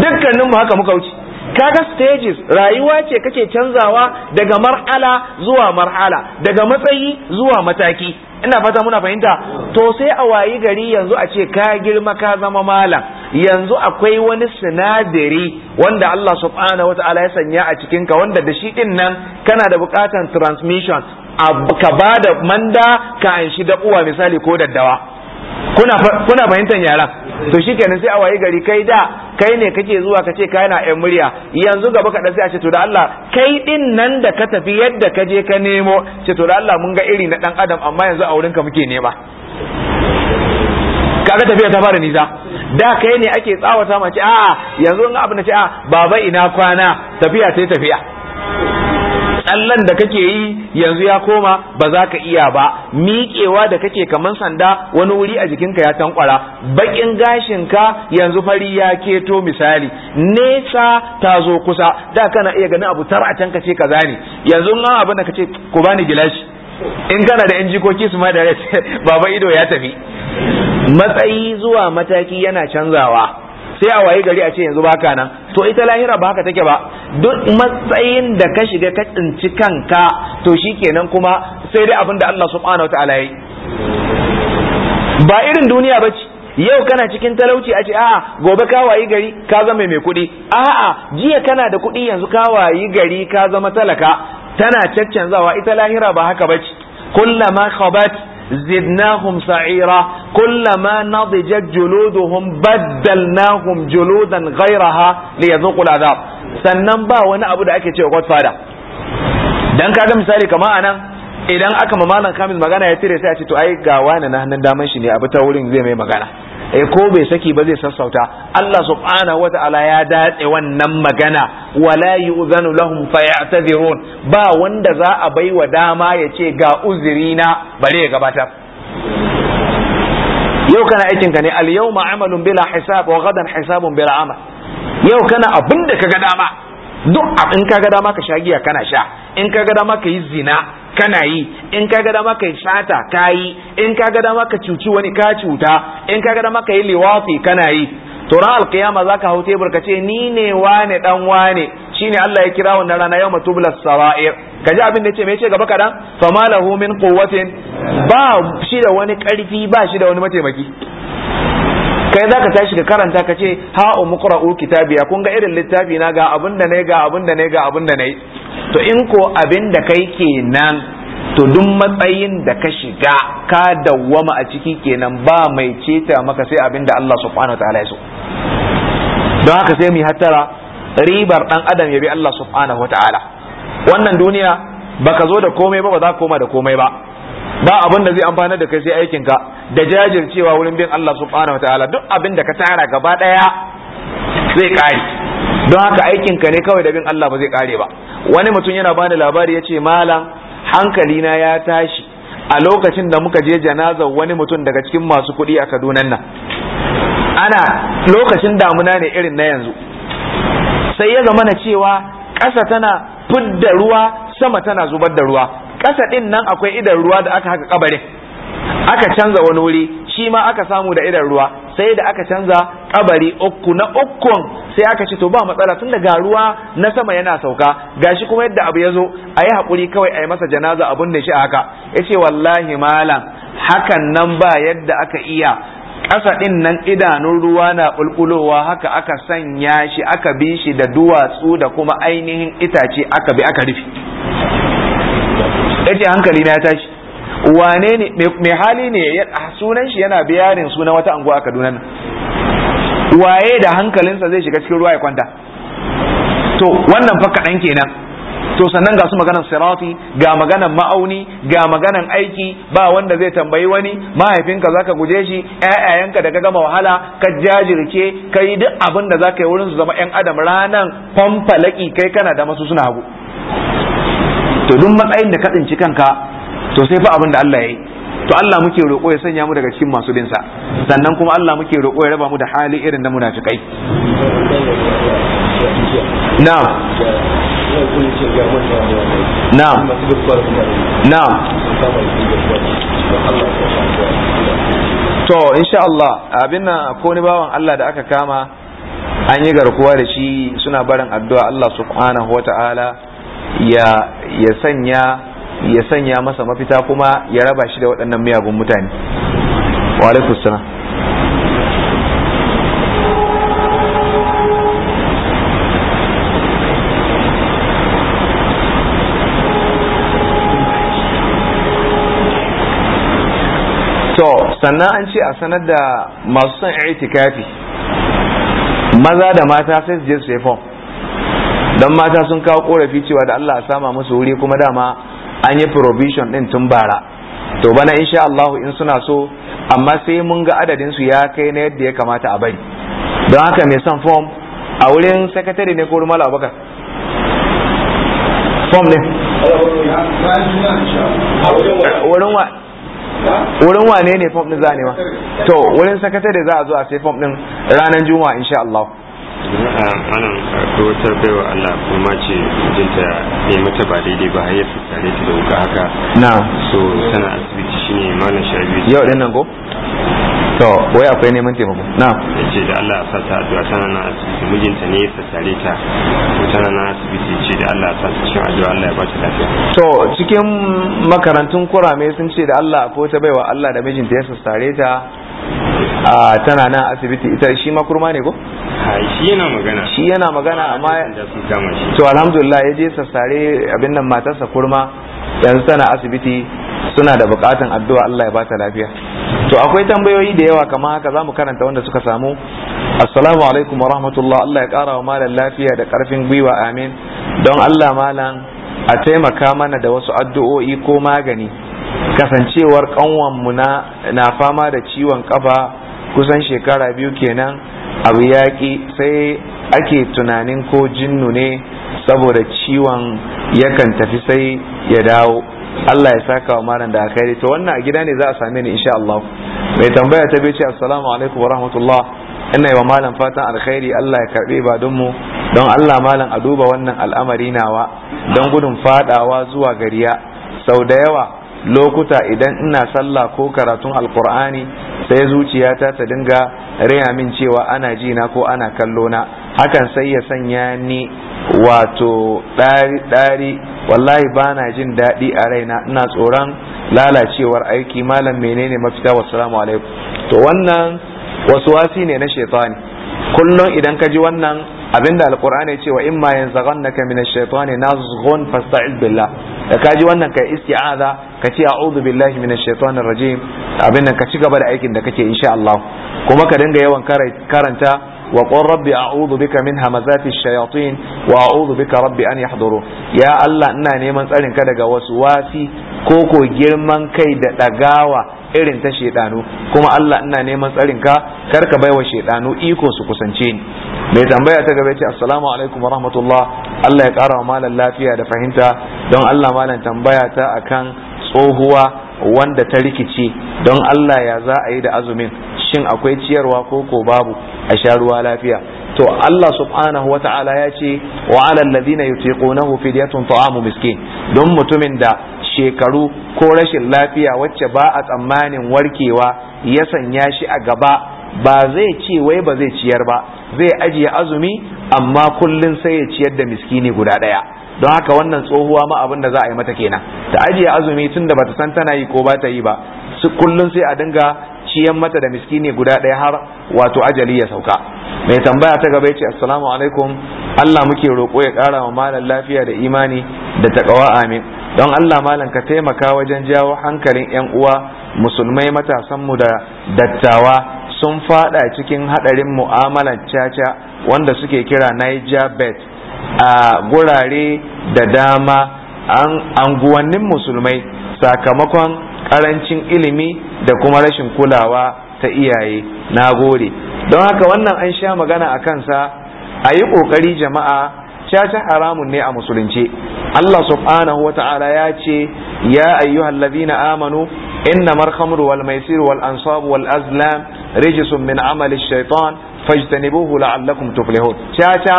dukkanin haka muka wuce kaga stages rayuwa ce kake canzawa daga mar'ala zuwa mar'ala daga matsayi zuwa mataki ina fata muna fahimta to sai a wayi gari yanzu a ce ka girma ka zama malam yanzu akwai wani sinadari wanda Allah subhanahu wata'ala ya sanya a cikin ka wanda da shi din nan kana da bukatan transmission ka ba da manda ka anshi da uwa misali ko daddawa kuna fahimtar yara to shikenan sai a wayi gari kai da kai ne kake zuwa ka ce kai na yan murya yanzu gaba kaɗan sai a ce to da Allah kai din nan da ka tafi yadda ka je ka nemo ce to da Allah mun ga iri na ɗan adam amma yanzu a ka muke nema kaga tafiya ta fara nisa da kai ne ake tsawata mace a'a yanzu in abu na ce a baba ina kwana tafiya sai tafiya tsallan da kake yi yanzu ya koma ba za ka iya ba miƙewa da kake kamar sanda wani wuri a jikinka ya tankwara baƙin gashinka yanzu fari ya keto misali nesa ta zo kusa da kana iya ganin abu tara a can kace kaza ne yanzu nan abin da kace ku bani gilashi in kana da yan jikoki su ma da baba ido ya tafi matsayi zuwa mataki yana canzawa sai a waye gari a ce yanzu baka nan to ita lahira ba haka take ba duk matsayin da ka shiga ka tsinci kanka to shi shikenan kuma sai dai abin da Allah subhanahu wataala yayi ba irin duniya ba ce yau kana cikin talauci a ce a'a gobe ka wayi gari ka zama mai kuɗi a'a jiya kana da kuɗi yanzu ka wayi gari ka zama talaka tana caccanzawa ita lahira ba haka bace kullama khabat zidnahum sa'ira kullama nadijat juluduhum baddalnahum juludan ghayraha liyadhuqul adhab sannan ba wani abu da ake cewa godfather dan kaga misali kamar nan idan aka ma malam kamil magana ya tire sai a ce to ai ga wani na hannun daman shi ne abu ta wurin zai mai magana eh ko bai saki ba zai sassauta Allah subhanahu wata'ala ya dace wannan magana wala yu'zanu lahum fayatadhirun ba wanda za a baiwa dama ya ce ga uzuri na bare ya gabatar yau kana aikin ka ne al yawma amalun bila hisab wa gadan hisabun bila amal yau kana abin da ka ga dama duk in ka ga dama ka sha giya kana sha in ka ga dama ka yi zina kana yi in ka ga dama yi sata ka yi in ka ga dama ka cuci wani ka cuta in ka ga dama ka yi liwafi kana yi to ran alkiyama zaka hau tebur ka ce ni ne wane dan wane shine Allah ya kira wannan rana yawma tublas sarair ji abin da ce me yace gaba kadan fama homin min quwwatin ba shi da wani karfi ba shi da wani mataimaki kai zaka tashi ka karanta ka ce ha umqra'u kitabiya kun ga irin littafi na ga abin da ne ga abin da ne ga abin da ne to in ko abin da kai kenan to duk matsayin da ka shiga ka dawwama a ciki kenan ba mai ceta maka sai abin da Allah subhanahu wataala ya so don haka sai mu hattara ribar dan adam ya bi Allah subhanahu wataala wannan duniya baka zo da komai ba ba za ka koma da komai ba ba abin da zai amfana da kai sai aikin ka da jajircewa wurin bin Allah subhanahu wataala duk abin da ka tara gaba daya zai kare don haka aikin ka ne kawai da bin Allah ba zai kare ba wani mutum yana bani labari ya ce malam hankalina ya tashi a lokacin da muka je janazar wani mutum daga cikin masu kuɗi a kaduna nan ana lokacin damuna ne irin na yanzu sai ya zama na cewa ƙasa tana fidda ruwa sama tana zubar da ruwa ƙasa ɗin nan akwai idan ruwa da aka haka ƙabarin, aka canza wani wuri shi ma aka samu da idan ruwa sai da aka canza ƙabari uku na ukun sai aka ce to ba matsala tun ga ruwa na sama yana sauka gashi kuma yadda abu ya zo a yi haƙuri kawai a yi masa janaza abun da shi a haka ya ce wallahi malam hakan nan ba yadda aka iya ƙasa ɗin nan idanun ruwa na ɓulɓulowa haka aka sanya shi aka bi shi da duwatsu da kuma ainihin itace aka bi aka rufe ya ce hankali na ya tashi wane ne mai hali ne sunan shi yana biyarin sunan wata anguwa a kaduna nan waye da hankalinsa zai shiga cikin ruwa ya kwanta to wannan fa kenan to sannan ga su maganar sirati ga maganar ma'auni ga maganar aiki ba wanda zai tambayi wani mahaifinka zaka guje shi ƴaƴayenka da ka gama wahala ka jajirce ka yi duk abin da zaka yi wurin su zama ƴan adam ranan fanfalaki kai kana da masu suna hagu to duk matsayin da ka tsinci kanka to sai fa abin da Allah ya yi to Allah muke roƙo ya sanya mu daga cikin masu binsa sannan kuma Allah muke roƙo ya raba mu da hali irin na munafikai na'am na'am na'am to insha Allah abin nan ko ni bawan Allah da aka kama an yi garkuwa da shi suna barin addu'a Allah subhanahu wata'ala ya ya sanya ya sanya masa mafita kuma ya raba shi da waɗannan miyagun mutane wa to sannan an ce a sanar da masu son itikafi maza da mata sai su je su fom don mata sun kawo korafi cewa da Allah a sama musu wuri kuma dama an yi provision din tun bara to bana insha Allah in suna so amma sai mun ga adadin su ya kai na yadda ya kamata a bari don haka mai son form a wurin sakatare ne ko rumala abubakar form ne wurin wa wurin wane ne form din zanewa to wurin sakatare za a zo a sai form din ranar juma'a insha Allah anan karfi wata baiwa Allah kuma ce jinta ne mata ba daidai ba har ya tsare ta da wuka haka na so tana asibiti shine malam biyu yau dinnan ko to wai akwai neman taimako na ya ce da Allah sa ta addu'a tana na asibiti mijinta ne ya tsare ta ko tana na asibiti ce da Allah sa ta shin addu'a Allah ya ba ta lafiya to cikin makarantun kurame sun ce da Allah ko ta baiwa Allah da mijinta ya tsare ta tana nan asibiti ita shi ma kurma ne ko shi yana magana shi yana magana amma to alhamdulillah ya je sassare abin nan matarsa kurma yanzu tana asibiti suna da bukatan addu'a Allah ya bata lafiya to akwai tambayoyi da yawa kamar haka zamu karanta wanda suka samu assalamu alaikum wa rahmatullah Allah ya kara wa malam lafiya da karfin gwiwa amin don Allah malam a taimaka mana da wasu addu'o'i ko magani kasancewar kanwanmu mu na fama da ciwon kafa kusan shekara biyu kenan abu yaƙi sai ake tunanin ko jinnu ne saboda ciwon yakan tafi sai ya dawo Allah ya saka wa maran da aka to wannan a gida ne za a same ni insha Allah mai tambaya ta bai ce assalamu alaikum wa rahmatullah ina yi wa malam fatan alkhairi Allah ya karbe ba don mu don Allah malam a duba wannan al'amari nawa don gudun fadawa zuwa gariya sau da yawa lokuta idan ina sallah ko karatun alkur'ani sai zuciyata ta dinga raya min cewa ana ji na ko ana kallo na hakan sai ya sanya ni wato ɗari wallahi ba na jin daɗi a raina ina tsoron lalacewar aiki malam menene mafita wassalamu alaikum to wannan wasu wasi ne na shaitani kullum idan kaji wannan abinda ya ce wa imma yanzaghannaka minash shaitani nazghun fasta'iz billah da ka ji wannan kai isti'aza ka ce a'udhu billahi minash shaitanir rajim abin nan ka ci gaba da aikin da kake insha Allah kuma ka dinga yawan karanta وقل ربي أعوذ بك wa همزات الشياطين rabbi an ربي Ya Allah ina neman tsarin ka daga wasu wasi. ko ko girman kai da ɗagawa irin ta shaidanu kuma Allah ina neman tsarin ka kar ka baiwa shaidanu iko su kusance ni mai tambaya ta gaba ce assalamu alaikum warahmatullah Allah ya kara wa malam lafiya da fahimta don Allah malam tambaya ta akan tsohuwa wanda ta rikice don Allah ya za a yi da azumin shin akwai ciyarwa ko ko babu a sha lafiya to Allah subhanahu wata'ala ya ce wa alal ladina yutiqunahu fidyatun ta'amu miskin don mutumin da shekaru ko rashin lafiya wacce ba a tsammanin warkewa ya sanya shi a gaba ba zai ce wai ba zai ciyar ba zai ajiye azumi amma kullun sai ya ciyar da miskini guda ɗaya don haka wannan tsohuwa ma abin da za a yi mata kenan ta ajiye azumi tun da bata san tana yi ko ba ta yi ba su kullum sai a dinga ciyan mata da miskini guda ɗaya har wato ajali ya sauka mai tambaya ta gaba ce assalamu alaikum Allah muke roƙo ya ƙara wa malam lafiya da imani da taƙawa amin don Allah malam ka taimaka wajen jawo hankalin 'yan uwa musulmai matasanmu da dattawa sun fada cikin hadarin mu'amalar caca wanda suke kira Niger bet a gurare da dama an anguwannin musulmai sakamakon karancin ilimi da kuma rashin kulawa ta iyaye na gode don haka wannan an sha magana a kansa a yi ƙoƙari jama'a caca haramun ne a musulunci Allah subhanahu wa ta'ala ya ce ya ayyuhal na amanu inna marhamru wal maisir wal ansabu wal azlam rijisun min amali shaitan fajtanibuhu la'allakum tuflihun caca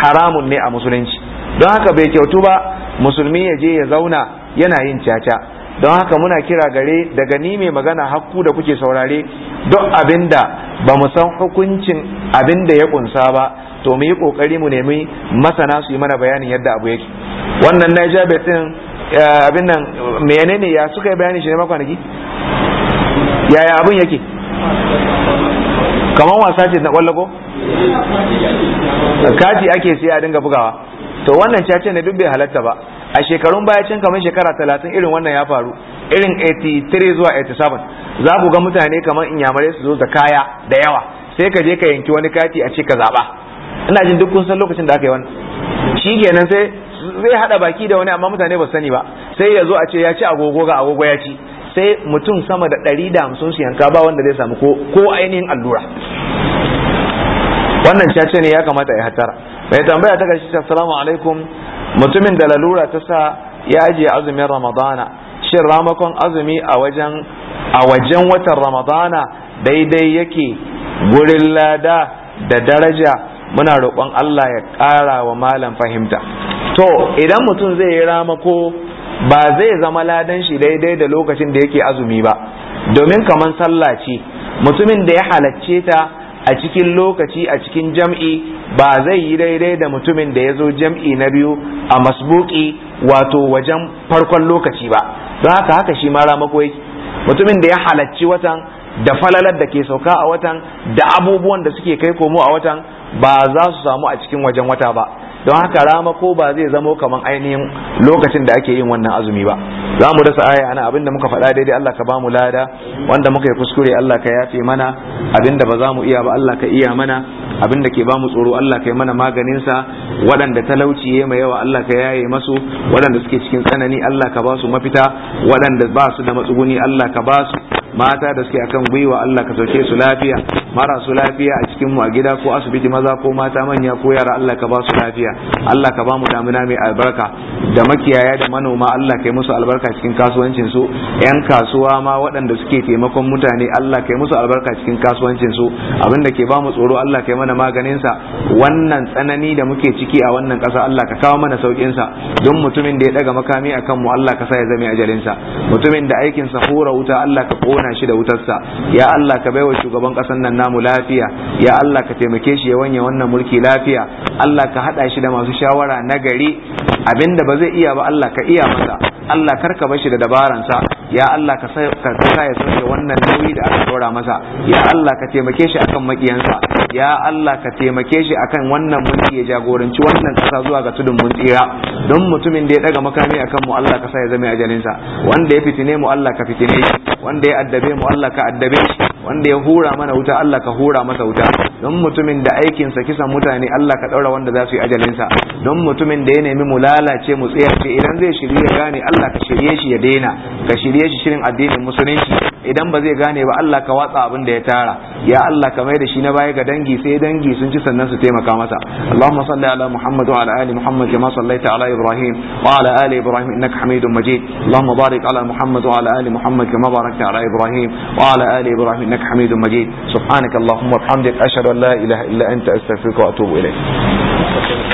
haramun ne a musulunci don haka bai kyautu ba musulmi ya je ya zauna yana yin caca don haka muna kira gare daga ni mai magana hakku da kuke saurare duk abinda ba mu san hukuncin abinda ya kunsa ba to mu yi kokari mu nemi masana su yi mana bayanin yadda abu yake wannan Niger Bet din abin nan menene ya suka yi bayani shi ne makwanaki yaya abin yake kamar wasa ce na ko? kati ake sai a dinga bugawa to wannan cace ne duk bai halatta ba a shekarun baya can kamar shekara talatin irin wannan ya faru irin 83 zuwa 87 za ku ga mutane kamar inyamare su zo da kaya da yawa sai ka je ka yanki wani kati a ce ka zaba ina jin duk kun san lokacin da aka yi wannan kenan sai zai hada baki da wani amma mutane ba sani ba sai ya zo a ce ya ci agogo ga agogo ya ci sai mutum sama da ɗari da hamsin su yanka ba wanda zai samu ko ko ainihin allura wannan cace ne ya kamata ya hatara bai tambaya ta karshe assalamu alaikum mutumin da lalura ta sa ya ajiye azumin ramadana shin ramakon azumi a wajen a wajen watan ramadana daidai yake gurin lada da daraja muna roƙon Allah ya ƙara wa malam fahimta to idan mutum zai yi ramako ba zai zama ladan shi daidai da lokacin da yake azumi ba domin kamar sallah ce mutumin da ya halacce ta a cikin lokaci a cikin jam'i ba zai yi daidai da mutumin da ya zo jam'i na biyu a masbuki wato wajen farkon lokaci ba don haka haka shi ma ramako yake mutumin da ya halacci watan da falalar da ke sauka a watan da abubuwan da suke kai komo a watan ba za su samu a cikin wajen wata ba don haka rama ko ba zai zamo kamar ainihin lokacin da ake yin wannan azumi ba za mu dasa aya ana abinda muka faɗa daidai Allah ka bamu lada wanda muka yi kuskure Allah ka yafe mana abinda ba za mu iya ba Allah ka iya mana abinda ke bamu tsoro Allah ka yi mana maganin sa waɗanda talauci ya mai yawa Allah ka yaye masu waɗanda suke cikin tsanani Allah ka ba su mafita waɗanda ba su da matsuguni Allah ka ba su mata da suke akan gwiwa Allah ka sauke su lafiya marasu lafiya a cikin mu a gida ko asibiti maza ko mata manya ko yara Allah ka ba su lafiya Allah ka ba mu damuna mai albarka da makiyaya da manoma Allah kai musu albarka cikin kasuwancin su yan kasuwa ma waɗanda suke taimakon mutane Allah kai musu albarka cikin kasuwancin su abin da ke ba mu tsoro Allah kai mana maganin sa wannan tsanani da muke ciki a wannan ƙasa Allah ka kawo mana saukin sa don mutumin da ya daga makami akan mu Allah ka sa ya zame ajalin sa mutumin da aikin sa hura wuta Allah ka kona shi da wutar sa ya Allah ka baiwa shugaban ƙasar nan samu lafiya ya Allah ka taimake shi ya wanya wannan mulki lafiya Allah ka hada shi da masu shawara na gari abinda ba zai iya ba Allah ka iya masa Allah kar ka bar shi da dabaransa ya Allah ka sa ya sauke wannan nauyi da aka dora masa ya Allah ka taimake shi akan makiyansa ya Allah ka taimake shi akan wannan mulki ya jagoranci wannan kasa zuwa ga tudun mun tsira don mutumin da ya daga makami akan mu Allah ka sa ya zama ajalinsa wanda ya fitine mu Allah ka fitine shi wanda ya addabe mu Allah ka addabe shi wanda ya hura mana wuta Allah ka hura masa wuta don mutumin da aikinsa kisan mutane Allah ka ɗaura wanda za su yi ajalinsa don mutumin da ya nemi mu lalace mu tsiyace idan zai shirye ya gane Allah ka shirye shi ya daina ka shirye shi shirin addinin musulunci idan ba zai gane ba Allah ka watsa abin da ya tara ya Allah ka mai da shi na baya ga dangi sai dangi sun ci sannan su taimaka masa Allahumma salli ala Muhammad wa ala ali Muhammad kama sallaita ala Ibrahim wa ala ali Ibrahim innaka Hamidum Majid Allahumma barik ala Muhammad wa ala ali Muhammad kama barakta ala Ibrahim wa ala ali Ibrahim إنك حميد مجيد سبحانك اللهم وبحمدك أشهد أن لا إله إلا أنت أستغفرك وأتوب إليك